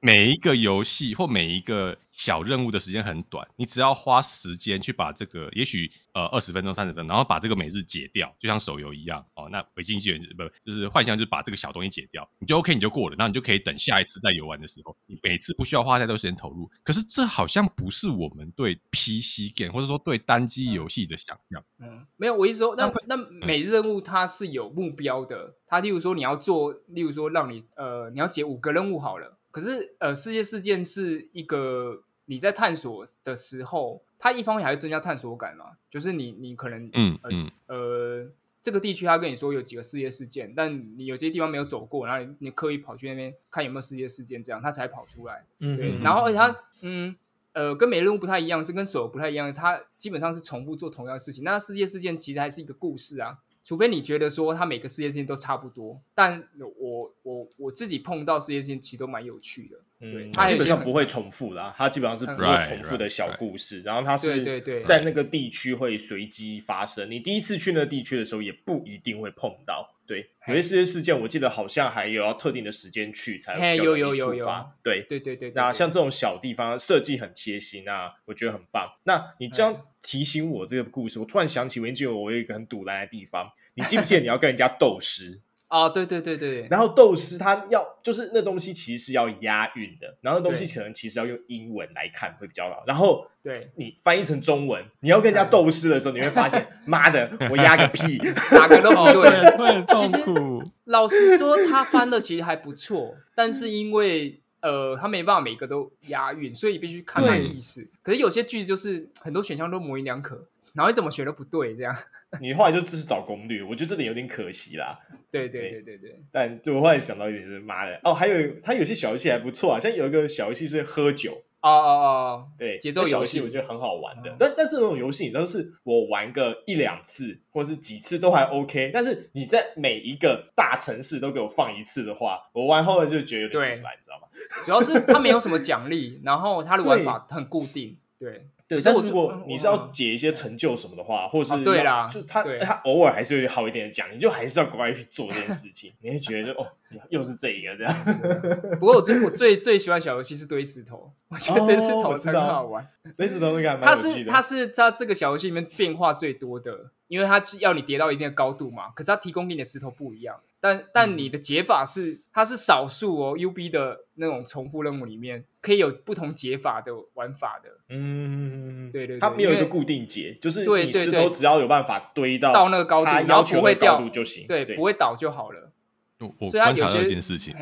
每一個遊戲或每一個小任務的時間很短，你只要花時間去把這個，也許呃二十分鐘、三十分鐘，然後把這個每日解掉，就像手遊一樣哦。那維京紀元不就是幻象，就是把這個小東西解掉，你就 OK，你就過了，然後你就可以等下一次再遊玩的時候，你每次不需要花太多時間投入。可是這好像不是我們對 PC game 或者說對單機遊戲的想象、嗯。嗯，沒有，我一直說，那、嗯、那每日任務它是有目標的，它例如說你要做，例如說讓你呃你要解五個任務好了。可是，呃，世界事件是一個你在探索的時候，它一方面還會增加探索感嘛，就是你你可能，嗯，呃，嗯呃，這個地區他跟你說有幾個世界事件，但你有些地方沒有走過，然後你你刻意跑去那邊看有沒有世界事件，這樣他才跑出來，對，嗯，嗯，嗯，嗯，然後而且他，嗯呃，跟每日任務不太一樣，是跟手遊不太一樣，它基本上是重複做同樣的事情。那世界事件其實還是一個故事啊。除非你覺得說他每個世界線都差不多，但我我我自己碰到世界線其實都蠻有趣的，對，嗯、它基本上不會重複啦，它基本上是不會重複的小故事，嗯、然後它是對對對，在那個地區會隨機發生，你第一次去那個地區的時候也不一定會碰到。對，有些些事件，我記得好像還有要特定的時間去才會有觸發，對。對對對對，那像這種小地方設計很貼心啊，那我覺得很棒。那你這樣提醒我這個故事，我突然想起，我記我有一個很賭爛的地方，你記不記得你要跟人家鬥詩？ 啊、oh，對對對對，然後鬥詩它要就是那東西其實是要押韻的，然後那東西可能其實要用英文來看會比較好，然後對，你翻譯成中文，你要跟人家鬥詩的時候，你會發現 媽的我押個屁，哪個都不對。哦、對對其實老實說，他翻的其實還不錯，但是因為呃他沒辦法每個都押韻，所以你必須看它的意思。可是有些句子就是很多選項都模棱兩可。然後你怎麼學都不對，這樣你後來就只是找攻略， 我覺得這點有點可惜啦。對對對對對、欸，但就我後來想到一點是，媽的哦，還有它有些小遊戲還不錯啊，像有一個小遊戲是喝酒哦哦哦，對節奏遊戲我覺得很好玩的。嗯、但但是這種遊戲，你知道是我玩個一兩次或是幾次都還 OK，嗯、但是你在每一個大城市都給我放一次的話，我玩後來就覺得有點煩，你知道嗎？主要是它沒有什麼獎勵， 然後它的玩法很固定，對。對對，但是如果你是要解一些成就什麼的話，或是、啊、對啦，對就他他偶爾還是有好一點的獎，你就還是要乖乖去做這件事情。你會覺得就 哦，又是這一個這樣。 不過我最我最最喜歡小遊戲是堆石頭，我覺得堆、哦、石頭真的很好玩。堆石頭蠻好玩的它是，它是它是在這個小遊戲裡面變化最多的，因為它是要你疊到一定的高度嘛，可是它提供給你的石頭不一樣。但但你的解法是，嗯，它是少數哦。UB 的那種重複任務裡面，可以有不同解法的玩法的。嗯，對對，對，它沒有一個固定解，就是你石頭只要有辦法堆到對對對到那個高度，高度然後不會掉就行，對，不會倒就好了。我觀察到一件事情，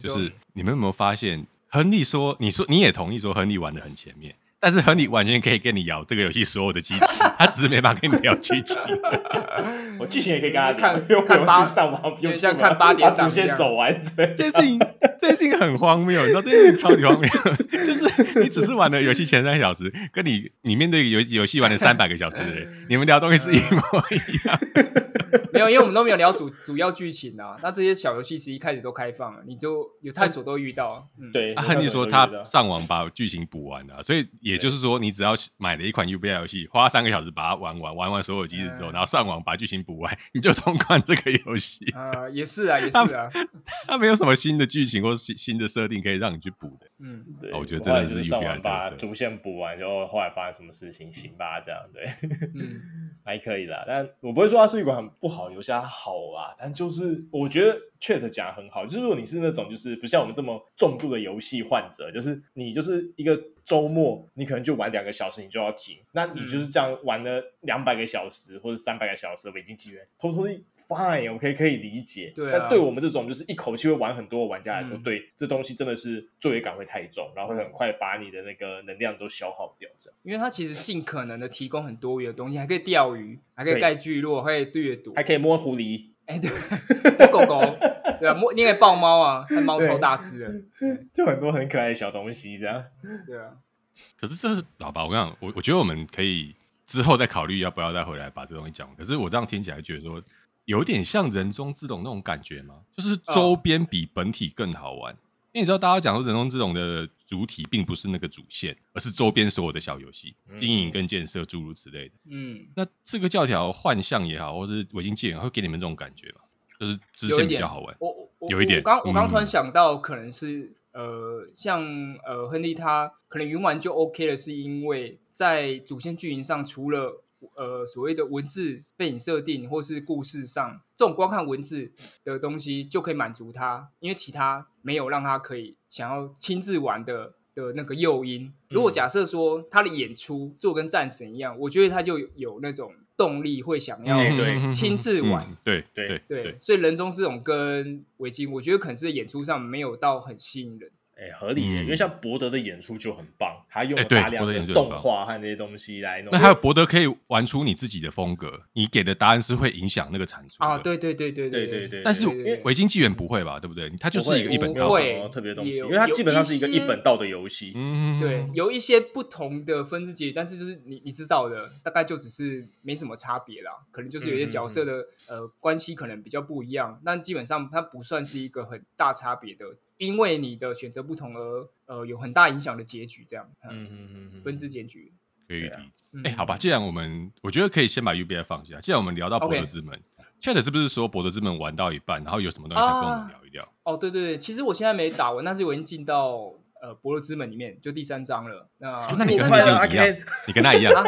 就是你們有沒有發現，亨利說，你說你也同意說，亨利玩得很前面。但是和你完全可以跟你聊這個遊戲所有的機製， 他只是沒辦法跟你聊劇情。我劇情也可以跟他看，用看 8, 用上網，不用像看八點檔一樣，把主線走完整。這件事情，這件事情很荒謬， 你知道，這件事情超級荒謬。 就是你只是玩了遊戲前三小時，跟你你面對遊遊戲玩了三百個小時的人， 你們聊的東西是一模一樣。 沒有，因為我們都沒有聊主 主要劇情啊。那這些小遊戲是一開始都開放了，你就有探索都遇到。嗯、對，那、啊、你、啊、說他上網把劇情補完的，所以也就是說，你只要買了一款 UBI 遊戲，花三個小時把它玩完，玩完所有機制之後、嗯，然後上網把劇情補完，你就通關這個遊戲啊、嗯，也是啊，也是啊他，他沒有什麼新的劇情或新新的設定可以讓你去補的。嗯，對，啊、我覺得真的是一、就是、上網把主線補完，然後後來發生什麼事情，嗯、行吧，這樣對、 嗯，還可以啦。但我不會說它是一款很不好。遊戲好啊，但就是我覺得 Chet 講得很好。就是如果你是那種就是不像我們這麼重度的遊戲患者，就是你就是一個周末你可能就玩兩個小時，你就要停。那你就是這樣玩了兩百個小時或者三百個小時的《維京紀元》，偷偷的 fine，我可以、okay、可以理解。對、啊，但對我們這種就是一口氣會玩很多的玩家來說，嗯、對這東西真的是作業感會太重，然後會很快把你的那個能量都消耗掉。這樣，因為它其實盡可能的提供很多元的東西，還可以釣魚，還可以蓋聚落，可以掠奪，還可以摸狐狸，哎、欸，對 摸狗狗， 對啊，摸，你可以抱貓啊，看貓超大隻的，就很多很可愛的小東西這樣。對啊，可是這是老爸，我跟你講，我我覺得我們可以之後再考慮要不要再回來把這東西講。可是我這樣聽起來覺得說。有點像人中之龍那種感覺嗎？就是周邊比本體更好玩。呃、因為你知道，大家講說人中之龍的主體並不是那個主線，而是周邊所有的小遊戲、嗯、經營跟建設諸如此類的。嗯，那這個教條幻象也好，或者是維京紀元會給你們這種感覺吧？就是支線比較好玩。我我有一點，剛我剛突然想到，可能是、嗯、呃，像呃，亨利他可能雲玩就 OK 了，是因為在主線劇情上除了。呃，所謂的文字背景設定，或是故事上這種光看文字的東西就可以滿足他，因為其他沒有讓他可以想要親自玩的的那個誘因。如果假設說他的演出，就跟戰神一樣，我覺得他就有那種動力會想要親自玩。嗯、對對對，對，所以人中之龍跟維京，我覺得可能是演出上沒有到很吸引人。欸、合理、欸嗯、因為像博德的演出就很棒，他用大量的動畫和這些東西來弄。弄。那還有博德可以玩出你自己的風格，你給的答案是會影響那個產出啊，對對對對對對對，對對。但是對對對，因為《維京紀元》不會吧、嗯？對不對？它就是一個一本道，什麼特別東西？因為它基本上是一個一本道的遊戲。嗯對，有一些不同的分支結局，但是就是你你知道的，大概就只是沒什麼差別啦。可能就是有些角色的、嗯、呃關係可能比較不一樣，但基本上它不算是一個很大差別的。因為你的選擇不同而呃有很大影響的結局，這樣，嗯、哼哼分支結局可以，對啊，哎、嗯欸，好吧，既然我們我覺得可以先把 UBI 放下，既然我們聊到博德之門 Chet 是不是說博德之門玩到一半，然後有什麼東西跟我們聊一聊、啊？哦，對對對，其實我現在沒打完，但是我已經進到呃博德之門裡面，就第三章了。那、哦、那你跟他已一樣，你跟他一樣。啊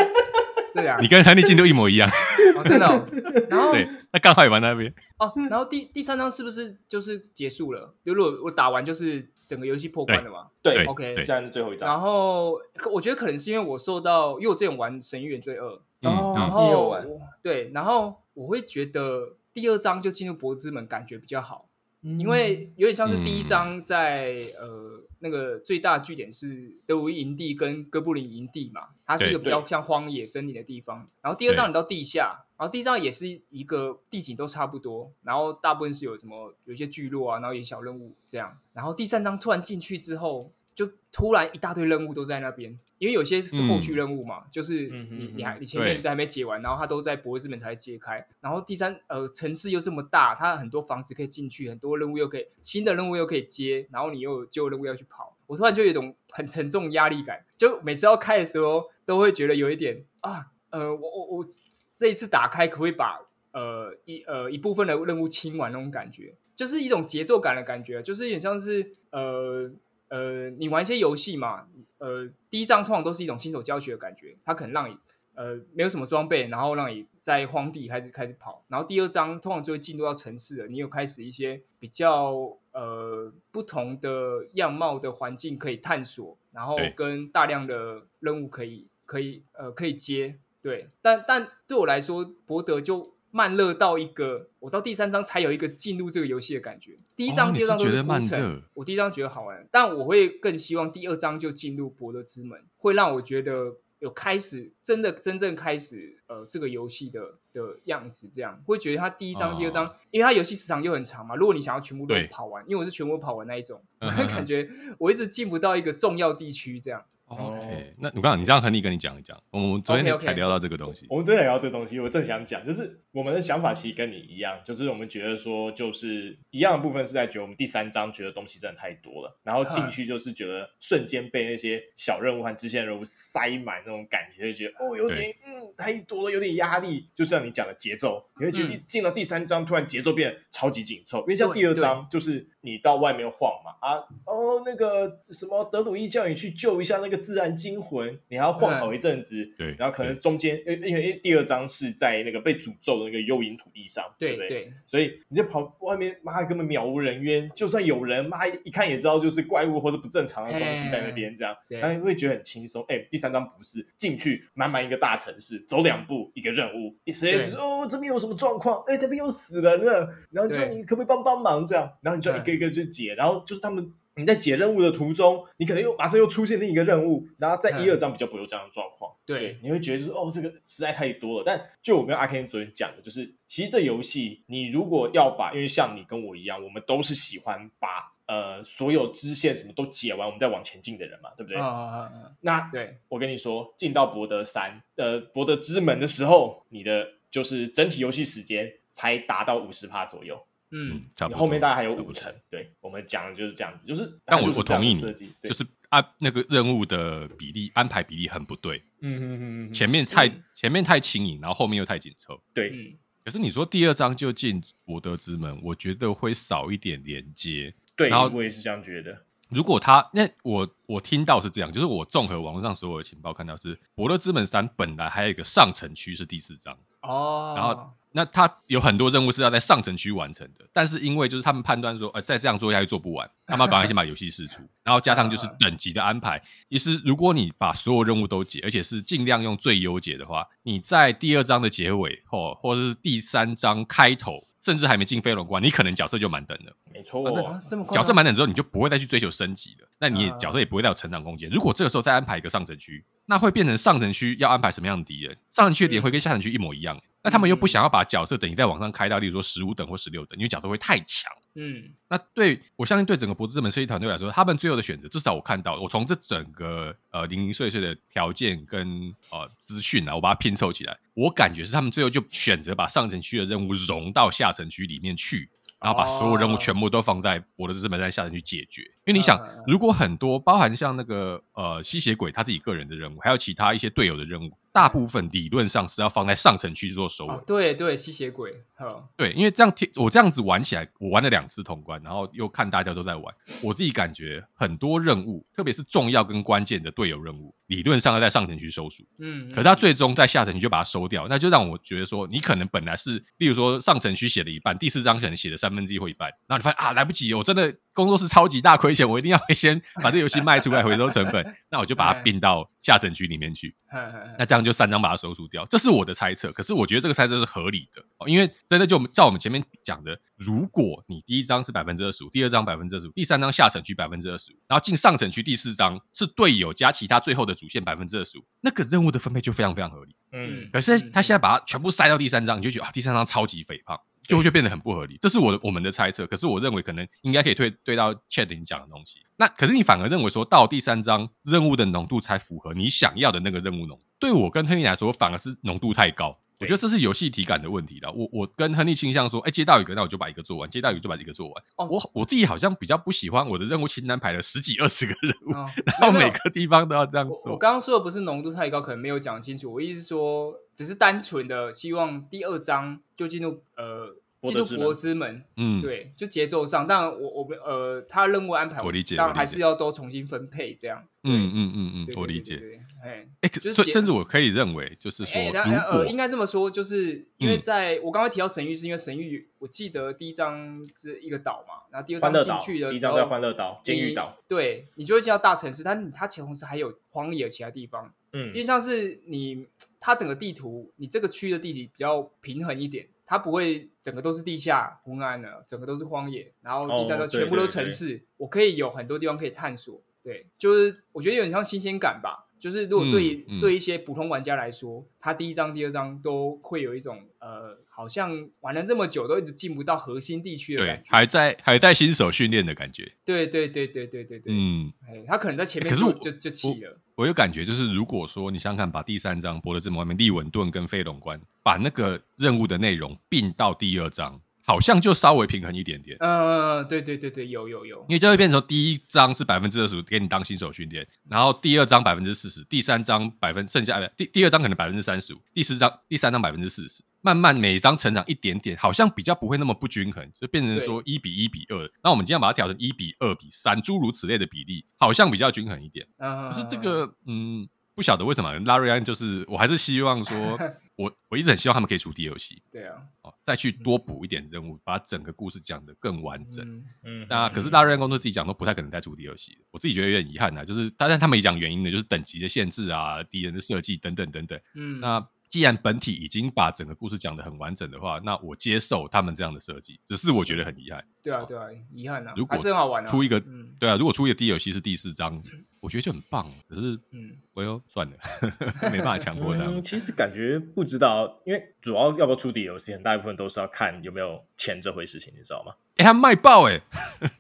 對啊、你跟韓立靜都一模一樣 、哦，真的。然後那剛好也玩那邊。哦，然後,、啊、然後第第三章是不是就是結束了？就如果我打完，就是整個遊戲破關了嘛？對,對，OK，現在是最後一章。然後我覺得可能是因為我受到，因為我之前玩神《神諭原罪二》，然後對，然後我會覺得第二章就進入博德之門感覺比較好。因為有點像是第一章在、嗯、呃那個最大據點是德魯伊營地跟哥布林營地嘛，它是一個比較像荒野森林的地方。然後第二章你到地下，然後第一章也是一個地景都差不多，然後大部分是有什麼，有一些聚落啊，然後也小任務這樣。然後第三章突然進去之後，就突然一大堆任務都在那邊，因為有些是後續任務嘛，嗯、就是你你還、嗯、你前面都還沒解完，然後他都在博德之門才解開。然後第三，呃，城市又這麼大，它很多房子可以進去，很多任務又可以新的任務又可以接，然後你又有舊任務要去跑。我突然就有一種很沉重壓力感，就每次要開的時候都會覺得有一點啊，呃，我我我這一次打開可不可以把呃一呃一部分的任務清完那種感覺，就是一種節奏感的感覺，就是也像是呃。呃，你玩一些遊戲嘛？呃，第一章通常都是一種新手教學的感覺，它可能讓你呃沒有什麼裝備，然後讓你在荒地開始開始跑。然後第二章通常就會進入到城市了，你有開始一些比較呃不同的樣貌的環境可以探索，然後跟大量的任務可以可以呃可以接。對，但但對我來說，博德就。慢熱到一個，我到第三章才有一個進入這個遊戲的感覺。第一章、哦、你是覺得慢第二章的鋪陳，我第一章覺得好玩，但我會更希望第二章就進入博德之門，會讓我覺得有開始真的真正開始呃這個遊戲的的樣子。這樣會覺得他第一章、哦、第二章，因為他遊戲時長又很長嘛。如果你想要全部都跑完，因為我是全部跑完那一種、嗯哼哼，感覺我一直進不到一個重要地區這樣。哦、okay, oh,，那你剛、okay, 你這樣，亨利跟你講一講，okay, 我們昨天才聊到這個東西。我們昨天才聊到這個東西，我正想講，就是我們的想法其實跟你一樣，就是我們覺得說，就是一樣的部分是在覺得我們第三章覺得東西真的太多了，然後進去就是覺得瞬間被那些小任務和支線任務塞滿那種感覺，就覺得哦有點嗯，太多了，有點壓力。就像你講的節奏，你會覺得進到第三章、嗯、突然節奏變得超級緊湊，因為像第二章就是。你到外面晃嘛啊哦那個什麼德魯伊叫你去救一下那個自然精魂。你還要晃好一陣子，對、嗯，然後可能中間呃因為第二章是在那個被詛咒的那個幽影土地上，對對,不對,對，所以你就跑外面，媽根本渺無人煙，就算有人媽一看也知道就是怪物或者不正常的東西在那邊，這樣，哎你會覺得很輕鬆。哎、欸，第三章不是進去滿滿一個大城市，走兩步一個任務，一直哦這邊有什麼狀況？哎、欸，這邊又死人了，然後就你，你可不可以幫幫忙？這樣，然後你就一個。一個去解，然後就是他們，你在解任務的途中，你可能又馬上又出現另一個任務，然後在一二章比較不會有這樣的狀況。嗯、對，對，你會覺得說、就是、哦，這個實在太多了。但就我跟阿 Ken 昨天講的，就是其實這遊戲，你如果要把，因為像你跟我一樣，我們都是喜歡把呃所有支線什麼都解完，我們再往前進的人嘛，對不對？哦哦哦、那對我跟你說，進到博德三呃博德之門的時候，你的就是整體遊戲時間才達到五十趴左右。嗯，你後面大概還有五層，對我們講的就是這樣子，就是但我是我同意你，就是啊那個任務的比例安排比例很不對，嗯嗯嗯前面太、嗯、前面太輕盈，然後後面又太緊湊，對、嗯。可是你說第二章就進博德之門，我覺得會少一點連接，對，然後我也是這樣覺得。如果他那我我聽到是這樣，就是我綜合網絡上所有的情報看到是，博德之門三本來還有一個上城區是第四章哦，oh. 然後那他有很多任務是要在上城區完成的，但是因為就是他們判斷說，呃，再這樣做下去做不完，他們本來先把遊戲釋出， 然後加上就是等級的安排，其實如果你把所有任務都解，而且是盡量用最優解的話，你在第二章的結尾哦，或者是第三章開頭。甚至還沒進飛龍關，你可能角色就滿等了。沒錯、哦啊啊，角色滿等之後，你就不會再去追求升級了。那、啊、你也角色也不會再有成長空間、嗯。如果這個時候再安排一個上層區。那會變成上城區要安排什麼樣的敵人？上城區的敵人會跟下城區一模一樣、欸。那他們又不想要把角色等於在網上開到，例如說十五等或十六等，因為角色會太強。嗯，那對，我相信對整個博德之門設計團隊來說，他們最後的選擇，至少我看到，我從這整個呃零零碎碎的條件跟呃資訊啊，我把它拼湊起來，我感覺是他們最後就選擇把上城區的任務融到下城區裡面去。然後把所有任務全部都放在我的日誌本，在下層去解決，因為你想，如果很多包含像那個呃吸血鬼他自己個人的任務，還有其他一些隊友的任務。大部分理論上是要放在上城區做收尾，對對，吸血鬼，嗯，對，因為這樣我這樣子玩起來，我玩了兩次通關，然後又看大家都在玩，我自己感覺很多任務，特別是重要跟關鍵的隊友任務，理論上要在上城區收尾，嗯，可是他最終在下城區就把它收掉，那就讓我覺得說，你可能本來是，例如說上城區寫了一半，第四章可能寫了三分之一或一半，然後你發現啊，來不及，我真的。工作室超級大虧錢，我一定要先把這遊戲賣出來回收成本。 那我就把它併到下城區裡面去。 那這樣就三張把它收除掉，這是我的猜測。可是我覺得這個猜測是合理的，哦，因為真的就照我，我們前面講的，如果你第一張是百分之二十五，第二張百分之二十五，第三張下城區百分之二十五，然後進上城區第四張是隊友加其他最後的主線百分之二十五，那個任務的分配就非常非常合理。嗯，可是他現在把它全部塞到第三張，你就覺得啊，第三張超級肥胖。就會變得很不合理，這是我的我們的猜測。可是我認為可能應該可以對對到 Chet 你講的東西。那可是你反而認為說，到第三章任務的濃度才符合你想要的那個任務濃。對我跟推尼來說，反而是濃度太高。我覺得這是遊戲體感的問題了。我我跟亨利傾向說，誒，接到一個，那我就把一個做完；接到一個，就把一個做完。哦，我我自己好像比較不喜歡我的任務清單排了十幾二十個任務，哦，然後每個地方都要這樣做。我，我剛剛說的不是濃度太高，可能沒有講清楚。我意思是說，只是單純的希望第二章就進入呃。進入博德之門，嗯，對，就節奏上，當然我我們呃，他的任務的安排我理解，但還是要多重新分配這樣。嗯嗯嗯嗯，我、嗯嗯、理解。哎，哎、欸就是，甚至我可以認為，就是說，欸、如、欸、呃應該這麼說，就是因為在、嗯、我剛剛提到神域，是因為神域，我記得第一章是一個島嘛，然後第二章進去的時候，歡樂島、監獄島，對你就會進到大城市，但它前後是還有荒野有其他地方。嗯，因為像是你，它整個地圖，你這個區域的地理比較平衡一點。它不會整個都是地下昏暗的，整個都是荒野，然後第三章全部都城市，oh, 對對對，我可以有很多地方可以探索。對，就是我覺得有點像新鮮感吧。就是如果對、嗯嗯、對一些普通玩家來說，他第一章、第二章都會有一種呃，好像玩了這麼久都一直進不到核心地區的感覺，還在還在新手訓練的感覺。對對對對對對對，嗯，他可能在前面就、欸、就，就起了。我有感覺，就是如果說你想,想看把第三章播到這門外面，利文頓跟飛龍關，把那個任務的內容併到第二章，好像就稍微平衡一點點。呃，對對對對，有有有，因為就會變成第一章是百分之二十五給你當新手訓練，然後第二章百分之四十，第三章百分剩下，第第二章可能百分之三十五，第四章第三章百分之四十。慢慢每一張成長一點點，好像比較不會那麼不均衡，就變成說一比一比二。那我們今天要把它調成一比二比三，諸如此類的比例，好像比較均衡一點。Uh... 可是這個，嗯，不曉得為什麼拉瑞安就是，我還是希望說， 我我一直很希望他們可以出第二期，對啊、哦，再去多補一點任務、嗯，把整個故事講得更完整。嗯，那可是拉瑞安工作自己講說不太可能再出第二期，我自己覺得有點遺憾呢、啊。就是，但當然他們也講原因的，就是等級的限制啊，敵人的設計等等等等。嗯，那。既然本體已經把整個故事講得很完整的話，那我接受他們這樣的設計，只是我覺得很遺憾。對啊，對啊，對啊，遺憾啊，如果還是很好玩啊，出一個，對啊，如果出一個 D 遊戲是第四章，嗯，我覺得就很棒。可是，嗯，哎呦，算了，呵呵沒辦法強迫他們。其實感覺不知道，因為主要要不要出 D 遊戲，很大一部分都是要看有沒有錢這回事情，你知道嗎？哎、欸，他賣爆哎、欸，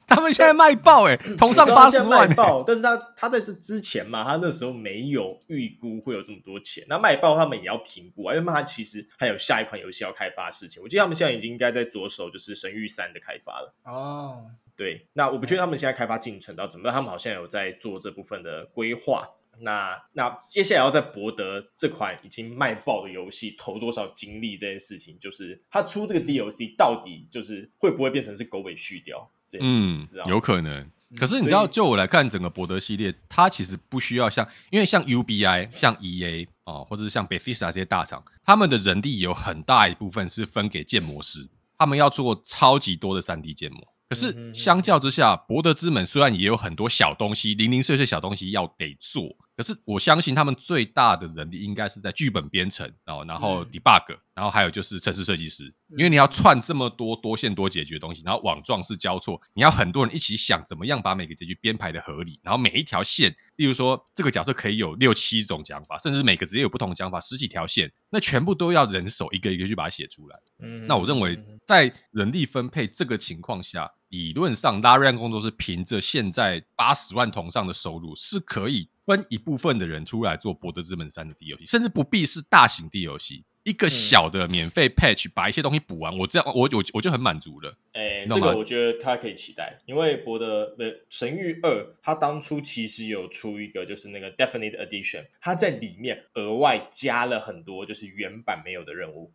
他們現在賣爆哎、欸，同上八十萬，欸。嗯、賣爆，但是他他在這之前嘛，他那時候沒有預估會有這麼多錢。那賣爆他們也要評估啊，因為他其實還有下一款遊戲要開發的事情。我記得他們現在已經應該在着手就是《神諭三》的開發了。哦、oh.，對，那我不確定他們現在開發進程到怎麼，但他們好像有在做這部分的規劃。那那接下來要在博德這款已經賣爆的遊戲投多少精力這件事情，就是他出這個 DLC 到底就是會不會變成是狗尾續貂？嗯，有可能。可是你知道，就我來看，整個博德系列，它其實不需要像，因為像 UBI、像 EA 啊、哦，或者是像 Bethesda 這些大廠，他們的人力有很大一部分是分給建模師。他們要做超級多的三 D 建模，可是相較之下，嗯哼哼，博德之門雖然也有很多小東西，零零碎碎小東西要得做。可是我相信，他們最大的人力應該是在劇本編程，然、哦、後，然後 debug，、mm. 然後還有就是程式設計師，mm. 因為你要串這麼多多線多結局的東西，然後網狀式交錯，你要很多人一起想怎麼樣把每個結局編排的合理，然後每一條線，例如說這個角色可以有六七種講法，甚至每個職業有不同的講法，十幾條線，那全部都要人手一個一個去把它寫出來。嗯、mm.，那我認為在人力分配這個情況下。理論上，拉瑞安工作室憑着現在八十萬同上的收入，是可以分一部分的人出來做博德之門三的 D 遊戲，甚至不必是大型 D 遊戲，一個小的免費 patch 把一些東西補完，嗯、我這樣我我,我就很滿足了。誒、欸，這個我覺得他可以期待，因為博德的神域二，他當初其實有出一個就是那個 Definite Edition，他在裡面額外加了很多就是原版沒有的任務。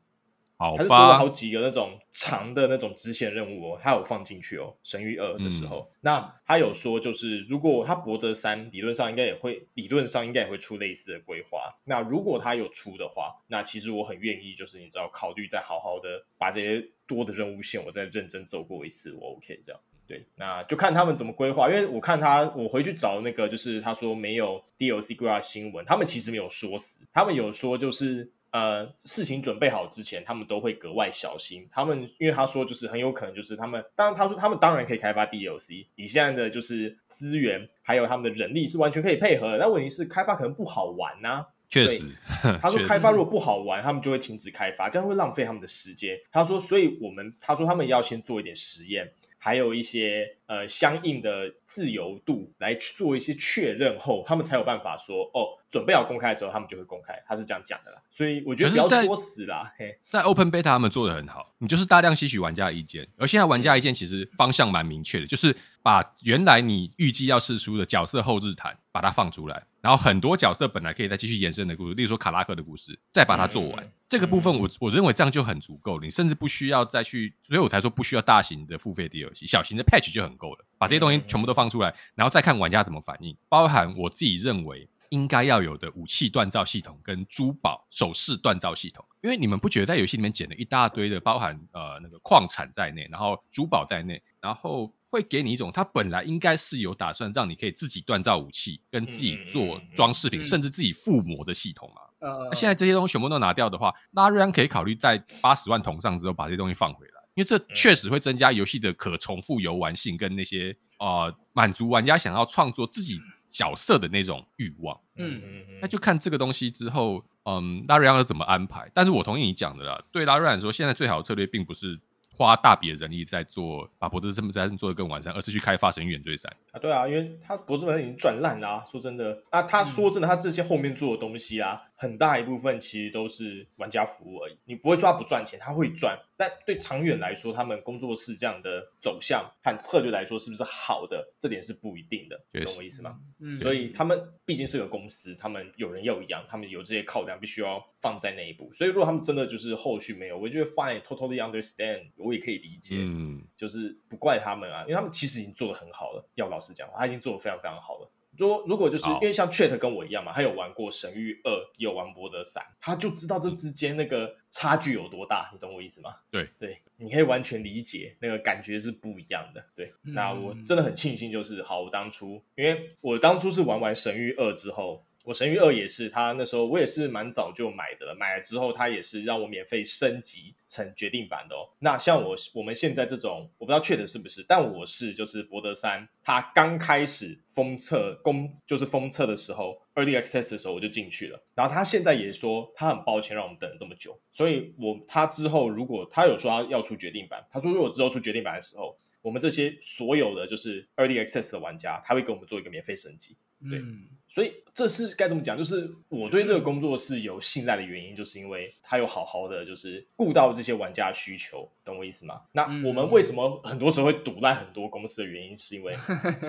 他是做了好幾個那種長的那種支線任務哦，他有放進去哦。神域二的時候、嗯，那他有說就是，如果他博德三，理論上應該也會，理論上應該也會出類似的規劃。那如果他有出的話，那其實我很願意，就是你知道，考慮再好好的把這些多的任務線，我再認真走過一次，我 OK 這樣。對，那就看他們怎麼規劃，因為我看他，我回去找那個，就是他說沒有 DLC 規劃新聞，他們其實沒有說死，他們有說就是。呃，事情準備好之前，他們都會格外小心。他們因為他說，就是很有可能，就是他們。當他說他們當然可以開發 DLC，以現在的就是資源，還有他們的人力是完全可以配合的。但問題是，開發可能不好玩呢、啊。確實，他說開發如果不好玩，他們就會停止開發，這樣會浪費他們的時間。他說，所以我們他說他們要先做一點實驗，還有一些。呃，相應的自由度來做一些確認後，他們才有辦法說哦，準備好公開的時候，他們就會公開。他是這樣講的啦，所以我覺得是不要說死啦嘿，在 Open Beta 他們做得很好，你就是大量吸取玩家的意見，而現在玩家的意見其實方向蠻明確的，就是把原來你預計要釋出的角色後日談把它放出來，然後很多角色本來可以再繼續延伸的故事，例如說卡拉克的故事，再把它做完。嗯、這個部分我、嗯、我認為這樣就很足夠，你甚至不需要再去，所以我才說不需要大型的付費 DLC，小型的 patch 就很高。夠了，把這些東西全部都放出來，然後再看玩家怎麼反應，包含我自己認為應該要有的武器鍛造系統跟珠寶首飾鍛造系統，因為你們不覺得在遊戲裡面撿了一大堆的，包含呃那個礦產在內，然後珠寶在內，然後會給你一種它本來應該是有打算讓你可以自己鍛造武器、跟自己做裝飾品、嗯，甚至自己附魔的系統嘛？呃、嗯，啊、現在這些東西全部都拿掉的話，那瑞安可以考慮在八十萬桶上之後把這些東西放回來。因為這確實會增加遊戲的可重複遊玩性，跟那些、嗯、呃滿足玩家想要創作自己角色的那種慾望。嗯嗯嗯。那就看這個東西之後，嗯，拉瑞安要怎麼安排。但是我同意你講的啦，對拉瑞安來說，現在最好的策略並不是花大筆的人力在做把博德之門在做的更完善，而是去開發《神諭原罪三》啊。對啊，因為他博德之門已經賺爛啦。說真的，那他說真的、嗯，他這些後面做的東西啊。很大一部分其實都是玩家服務而已，你不會說他不賺錢，他會賺，但對長遠來說，他們工作室這樣的走向和策略來說是不是好的，這點是不一定的，懂我意思嗎？嗯，所以他們畢竟是個公司，嗯，他們有人要養，他們有這些考量，必須要放在那一步。所以如果他們真的就是後續沒有，我覺得 fine，totally understand，我也可以理解，嗯，就是不怪他們啊，因為他們其實已經做得很好了，要老實講，他已經做得非常非常好了。如如果，就是因為像 Chet 跟我一樣嘛，他有玩過《神域二》，有玩《博德三》，他就知道這之間那個差距有多大，你懂我意思嗎？對對，你可以完全理解那個感覺是不一樣的。對，嗯、那我真的很慶幸，就是好，我當初因為我當初是玩完《神域二》之後。我《神域二》也是，他那時候我也是蠻早就買的，買了之後他也是讓我免費升級成決定版的哦。那像我我們現在這種，我不知道確實是不是，但我是就是《博德三》，他剛開始封測公就是封測的時候，early access 的時候我就進去了。然後他現在也說他很抱歉讓我們等了這麼久，所以我他之後如果他有說他要出決定版，他說如果之後出決定版的時候，我們這些所有的就是 early access 的玩家，他會給我們做一個免費升級，對。嗯所以這是該怎麼講？就是我對這個工作室有信賴的原因，就是因為他有好好的就是顧到這些玩家需求，懂我意思嗎？那我們為什麼很多時候會堵爛很多公司的原因，是因為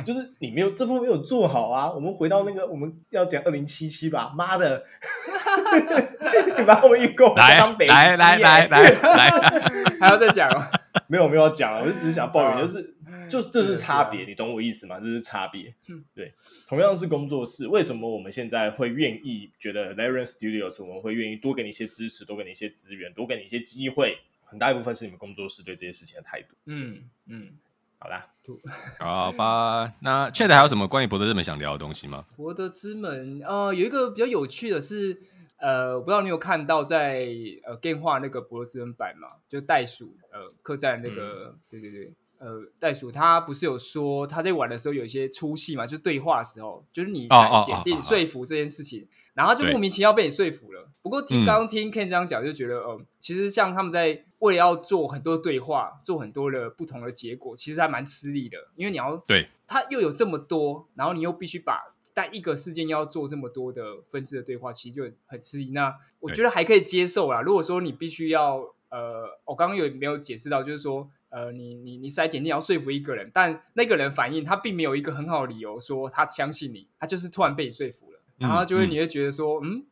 就是你沒有 這部分沒有做好啊。我們回到那個 我們要講二零七七吧，媽的， 你把我們一狗當北來來來來來，剛剛啊、來來來來 還要再講嗎？沒有沒有要講，我就是只是想抱怨， 就是。 就這是差別， 你懂我意思嗎？這是差別。嗯， 對，同樣是工作室， 為什麼我們現在會願意覺得 Larian Studios，我們會願意多給你一些支持，多給你一些資源，多給你一些機會？很大一部分是你們工作室對這些事情的態度。嗯 嗯，好啦， 好吧，那 Chet 還有什麼關於博德之門想聊的東西嗎？博德之門，呃，有一個比較有趣的是，呃，我不知道你有看到在呃電話那個博德之門版嘛？就袋鼠，呃，客棧那個、嗯，對對對。呃，袋鼠他不是有說他在玩的時候有一些出戲嘛？就是對話的時候，就是你在檢定說服這件事情，然後就莫名其妙被你說服了。不過聽剛剛聽 Ken 這樣講，就覺得、嗯、呃，其實像他們在為了要做很多對話，做很多的不同的結果，其實還蠻吃力的，因為你要對他又有這麼多，然後你又必須把在一個事件要做這麼多的分支的對話，其實就很吃力。那我覺得還可以接受啦。如果說你必須要呃，我剛剛有沒有解釋到，就是說。呃，你你你塞簡歷要說服一個人，但那個人反應他並沒有一個很好的理由說他相信你，他就是突然被你說服了，嗯、然後就會你會覺得說，嗯，嗯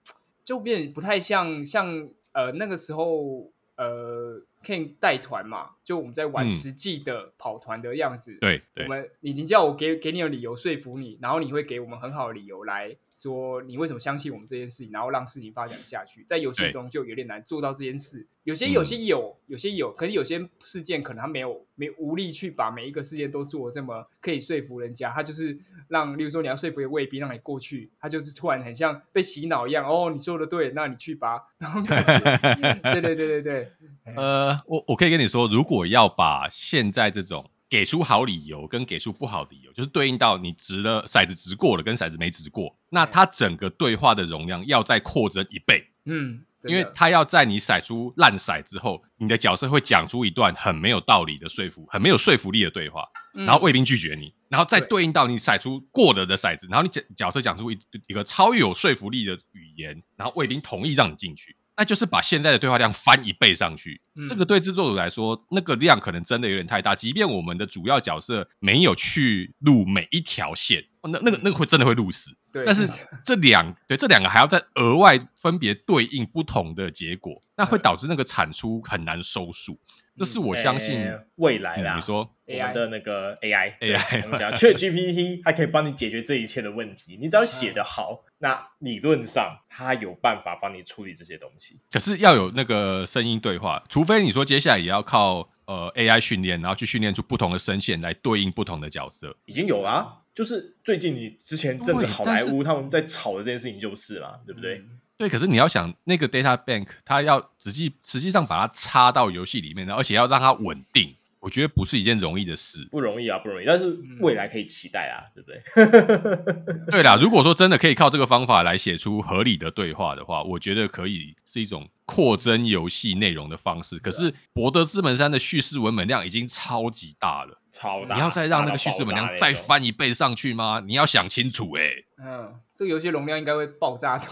就變不太像像呃那個時候呃，can 帶團嘛，就我們在玩實際的跑團的樣子，嗯、對，對，我們你你叫我給給你個理由說服你，然後你會給我們很好的理由來。說你為什麼相信我們這件事情，然後讓事情發展下去，在遊戲中就有點難做到這件事。有些有些有、嗯，有些有，可是有些事件可能他沒有沒無力去把每一個事件都做這麼可以說服人家，他就是讓，例如說你要說服衛兵讓你過去，他就是突然很像被洗腦一樣。哦，你說的對，那你去吧。 對,對對對對對。 呃，我我可以跟你說，如果要把現在這種。給出好理由跟給出不好理由，就是對應到你擲的骰子擲過了跟骰子沒擲過。那它整個對話的容量要再擴增一倍，嗯，因為它要在你骰出爛骰之後，你的角色會講出一段很沒有道理的說服，很沒有說服力的對話，嗯、然後衛兵拒絕你，然後再對應到你骰出過了的骰子，然後你角角色講出一一個超有說服力的語言，然後衛兵同意讓你進去。那就是把現在的對話量翻一倍上去，嗯、這個對製作組來說，那個量可能真的有點太大。即便我們的主要角色沒有去錄每一條線，那那，那個那個會真的會錄死。對，但是這兩 對這兩個還要再額外分別對應不同的結果，那會導致那個產出很難收束。嗯、這是我相信未來比如、嗯、說、AI、我們的那個 AI AI，ChatGPT 還可以幫你解決這一切的問題，你只要寫得好。 那理論上，他有辦法幫你處理這些東西，可是要有那個聲音對話，除非你說接下來也要靠呃 AI 訓練，然後去訓練出不同的聲線來對應不同的角色，已經有啦、啊，就是最近你之前陣子好萊塢他們在吵的這件事情就是啦，對，對不對？對，可是你要想那個 data bank，它要實際實際上把它插到遊戲裡面，而且要讓它穩定。我覺得不是一件容易的事，不容易啊，不容易。但是未來可以期待啊，嗯、對不對？ 對啦，如果說真的可以靠這個方法來寫出合理的對話的話，我覺得可以是一種擴增遊戲內容的方式。啊、可是博德之門三的敘事文本量已經超級大了，超大，你要再讓那個敘事文本量再翻一倍上去嗎？你要想清楚哎、欸。嗯、呃，這個遊戲容量應該會爆炸的。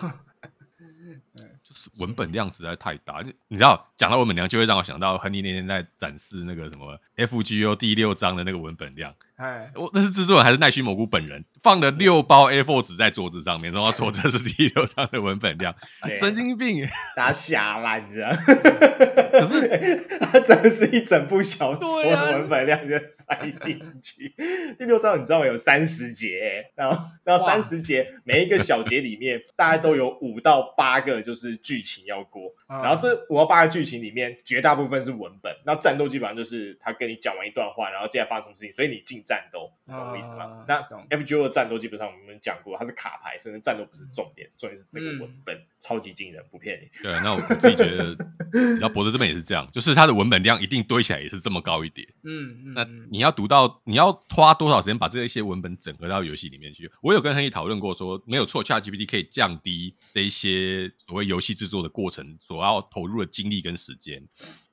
嗯文本量實在太大，你知道，講到文本量，就會讓我想到亨利那天在展示那個什麼。F G O 第六章的那個文本量，哎，我、哦、那是製作人還是奈須蘑菇本人放了六包 A4 紙在桌子上面，然後說這是第六章的文本量，啊、神經病，打瞎了，你知道？可是它 真的是一整部小說的文本量就塞進去。啊、第六章你知道有三十節、欸，然後然後三十節每一個小節裡面大概都有五到八個就是劇情要過，嗯、然後這五到八個劇情裡面絕大部分是文本，那戰鬥基本上就是他跟你講完一段話，然後接下來發生什麼事情？所以你進戰鬥，哦、懂我意思嗎？那 FGO 的戰鬥基本上我們講過，它是卡牌，所以戰鬥不是重點，重點是那個文本、嗯、超級驚人，不騙你。對，那我自己覺得， 你知道博德這邊也是這樣，就是它的文本量一定堆起來也是這麼高一點。嗯嗯。那你要讀到，你要花多少時間把這一些文本整合到遊戲裡面去？我有跟亨利討論過說，說沒有錯，ChatGPT 可以降低這一些所謂遊戲制作的過程所要投入的精力跟時間。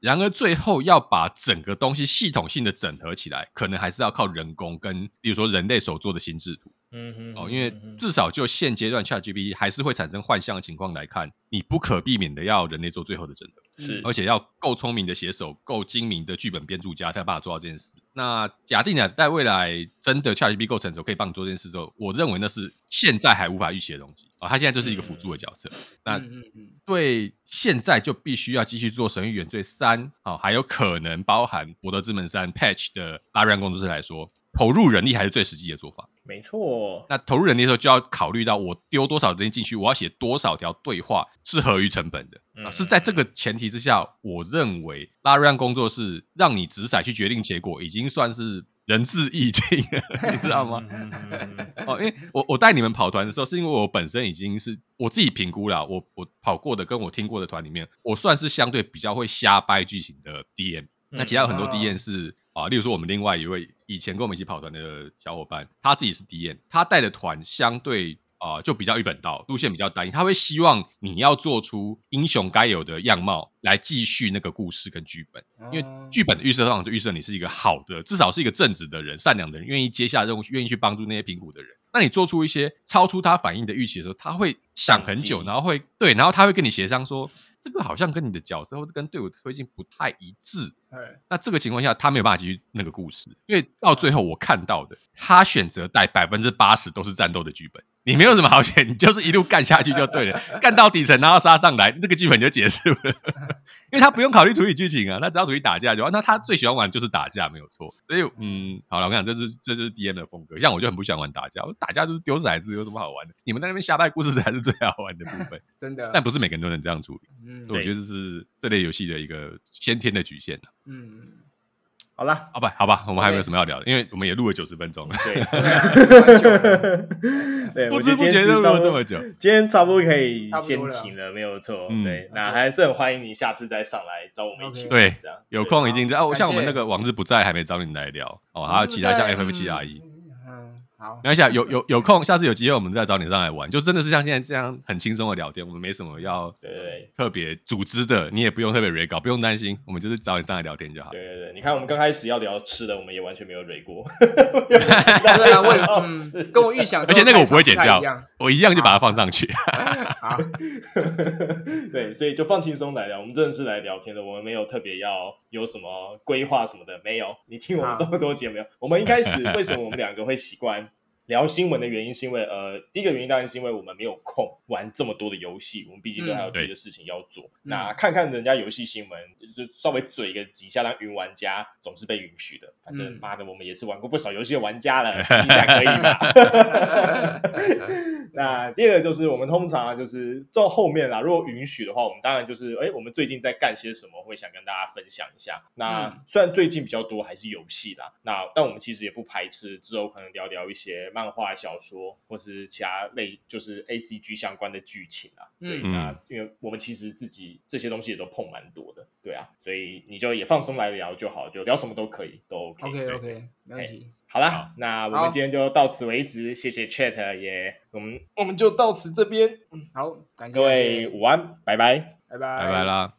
然而，最後要把整個東西系統性的整合起來，可能還是要靠人工跟，比如說人類所做的心智圖。哦、嗯嗯，因為至少就現階段 ChatGPT 還是會產生幻象的情況來看，你不可避免的要人類做最後的整合。是，而且要夠聰明的寫手，夠精明的劇本編著家，才有辦法做到這件事。那假定啊，在未來真的 ChatGPT 構成的時候可以幫你做這件事之後，我認為那是現在還無法預期的東西啊、哦。他現在就是一個輔助的角色、嗯。那對現在就必須要繼續做《神諭原罪三》啊，還有可能包含《博德之門三》Patch 的阿瑞安工作室來說，投入人力還是最實際的做法。沒錯、哦，那投入人力的時候就要考慮到我丟多少人進去，我要寫多少條對話是合於成本的、嗯、是在這個前提之下，我認為拉瑞安工作室讓你擲骰去決定結果，已經算是仁至義盡， 你知道嗎？ 哦，因為我我帶你們跑團的時候，是因為我本身已經是我自己評估了，我我跑過的跟我聽過的團裡面，我算是相對比較會瞎掰劇情的 DM、嗯啊。那其他很多 DM 是啊、哦，例如說我們另外一位。以前跟我們一起跑團的小夥伴，他自己是 DM，他帶的團相對啊、呃、就比較一本道，路線比較單一。他會希望你要做出英雄該有的樣貌來繼續那個故事跟劇本，因為劇本的預設上就預設你是一個好的，至少是一個正直的人、善良的人，願意接下任務，願意去幫助那些貧苦的人。那你做出一些超出他反應的預期的時候，他會想很久，然後會對，然後他會跟你協商說，這個好像跟你的角色或者跟隊伍推進不太一致。對，那這個情況下，他沒有辦法繼續那個故事，因為到最後我看到的，他選擇帶百分之八十都是戰鬥的劇本。你沒有什麼好選，你就是一路幹下去就對了，幹 到底層，然後殺上來，這個劇本就解釋了。因為他不用考慮處理劇情啊，他只要處理打架就完。那他最喜歡玩的就是打架，沒有錯。所以，嗯，好了，我跟你講，這是這就是 D M 的風格。像我就很不喜歡玩打架，我打架就是丟骰子，有什麼好玩的？你們在那邊瞎掰，故事才是最好玩的部分， 真的、啊。但不是每個人都能這樣處理，我覺得這是這類遊戲的一個先天的局限、啊嗯，好了，啊不好吧，我們還有沒有什麼要聊的？因為我們也錄了九十分鐘了，了。對，不知不覺錄錄這這麼久，今天差不多可以先停了，嗯、了沒有錯、嗯。對、嗯，那還是很歡迎你下次再上來找我們一起，對，這樣有空一定再。我、喔、像我們那個王志不在，還沒找你來聊哦，還、喔、有其他像 FF7 RE。嗯沒關係啊，有有有空，下次有機會我們再找你上來玩。就真的是像現在這樣很輕鬆的聊天，我們沒什麼要特別組織的，你也不用特別蕊稿，不用擔心，我們就是找你上來聊天就好。對對對，你看我們剛開始要聊吃的，我們也完全沒有蕊過。 吃 對啊，我也好、嗯、 跟我預想。而且那個我不會剪掉 ，我一樣就把它放上去。好， 好 對，所以就放輕鬆來聊。我們真的是來聊天的，我們沒有特別要有什麼規劃什麼的，沒有。你聽我們這麼多節目，沒有？我們一開始為什麼我們兩個會習慣？聊新聞的原因是因為、嗯，呃，第一個原因當然是因為我們沒有空玩這麼多的遊戲，我們畢竟都還有自己的事情要做、嗯啊。那看看人家遊戲新聞，就是稍微嘴個幾下，讓雲玩家總是被允許的。反正媽的，我們也是玩過不少遊戲的玩家了，一下可以吧？ 那第二個就是我們通常就是到後面啦，如果允許的話，我們當然就是，哎、欸，我們最近在幹些什麼，會想跟大家分享一下。那、嗯、雖然最近比較多還是遊戲啦，那但我們其實也不排斥之後可能聊聊一些。漫畫、小說，或是其他類，就是 A C G 相關的劇情啊嗯。嗯，那因為我們其實自己這些東西也都碰蠻多的，對啊，所以你就也放鬆來聊就好，就聊什麼都可以，都 OK OK okay, OK，沒問題、okay.。好啦，那我們今天就到此為止，謝謝 Chet，也我們我們就到此這邊。嗯，好，感謝各位午安，拜拜，拜拜，拜拜啦。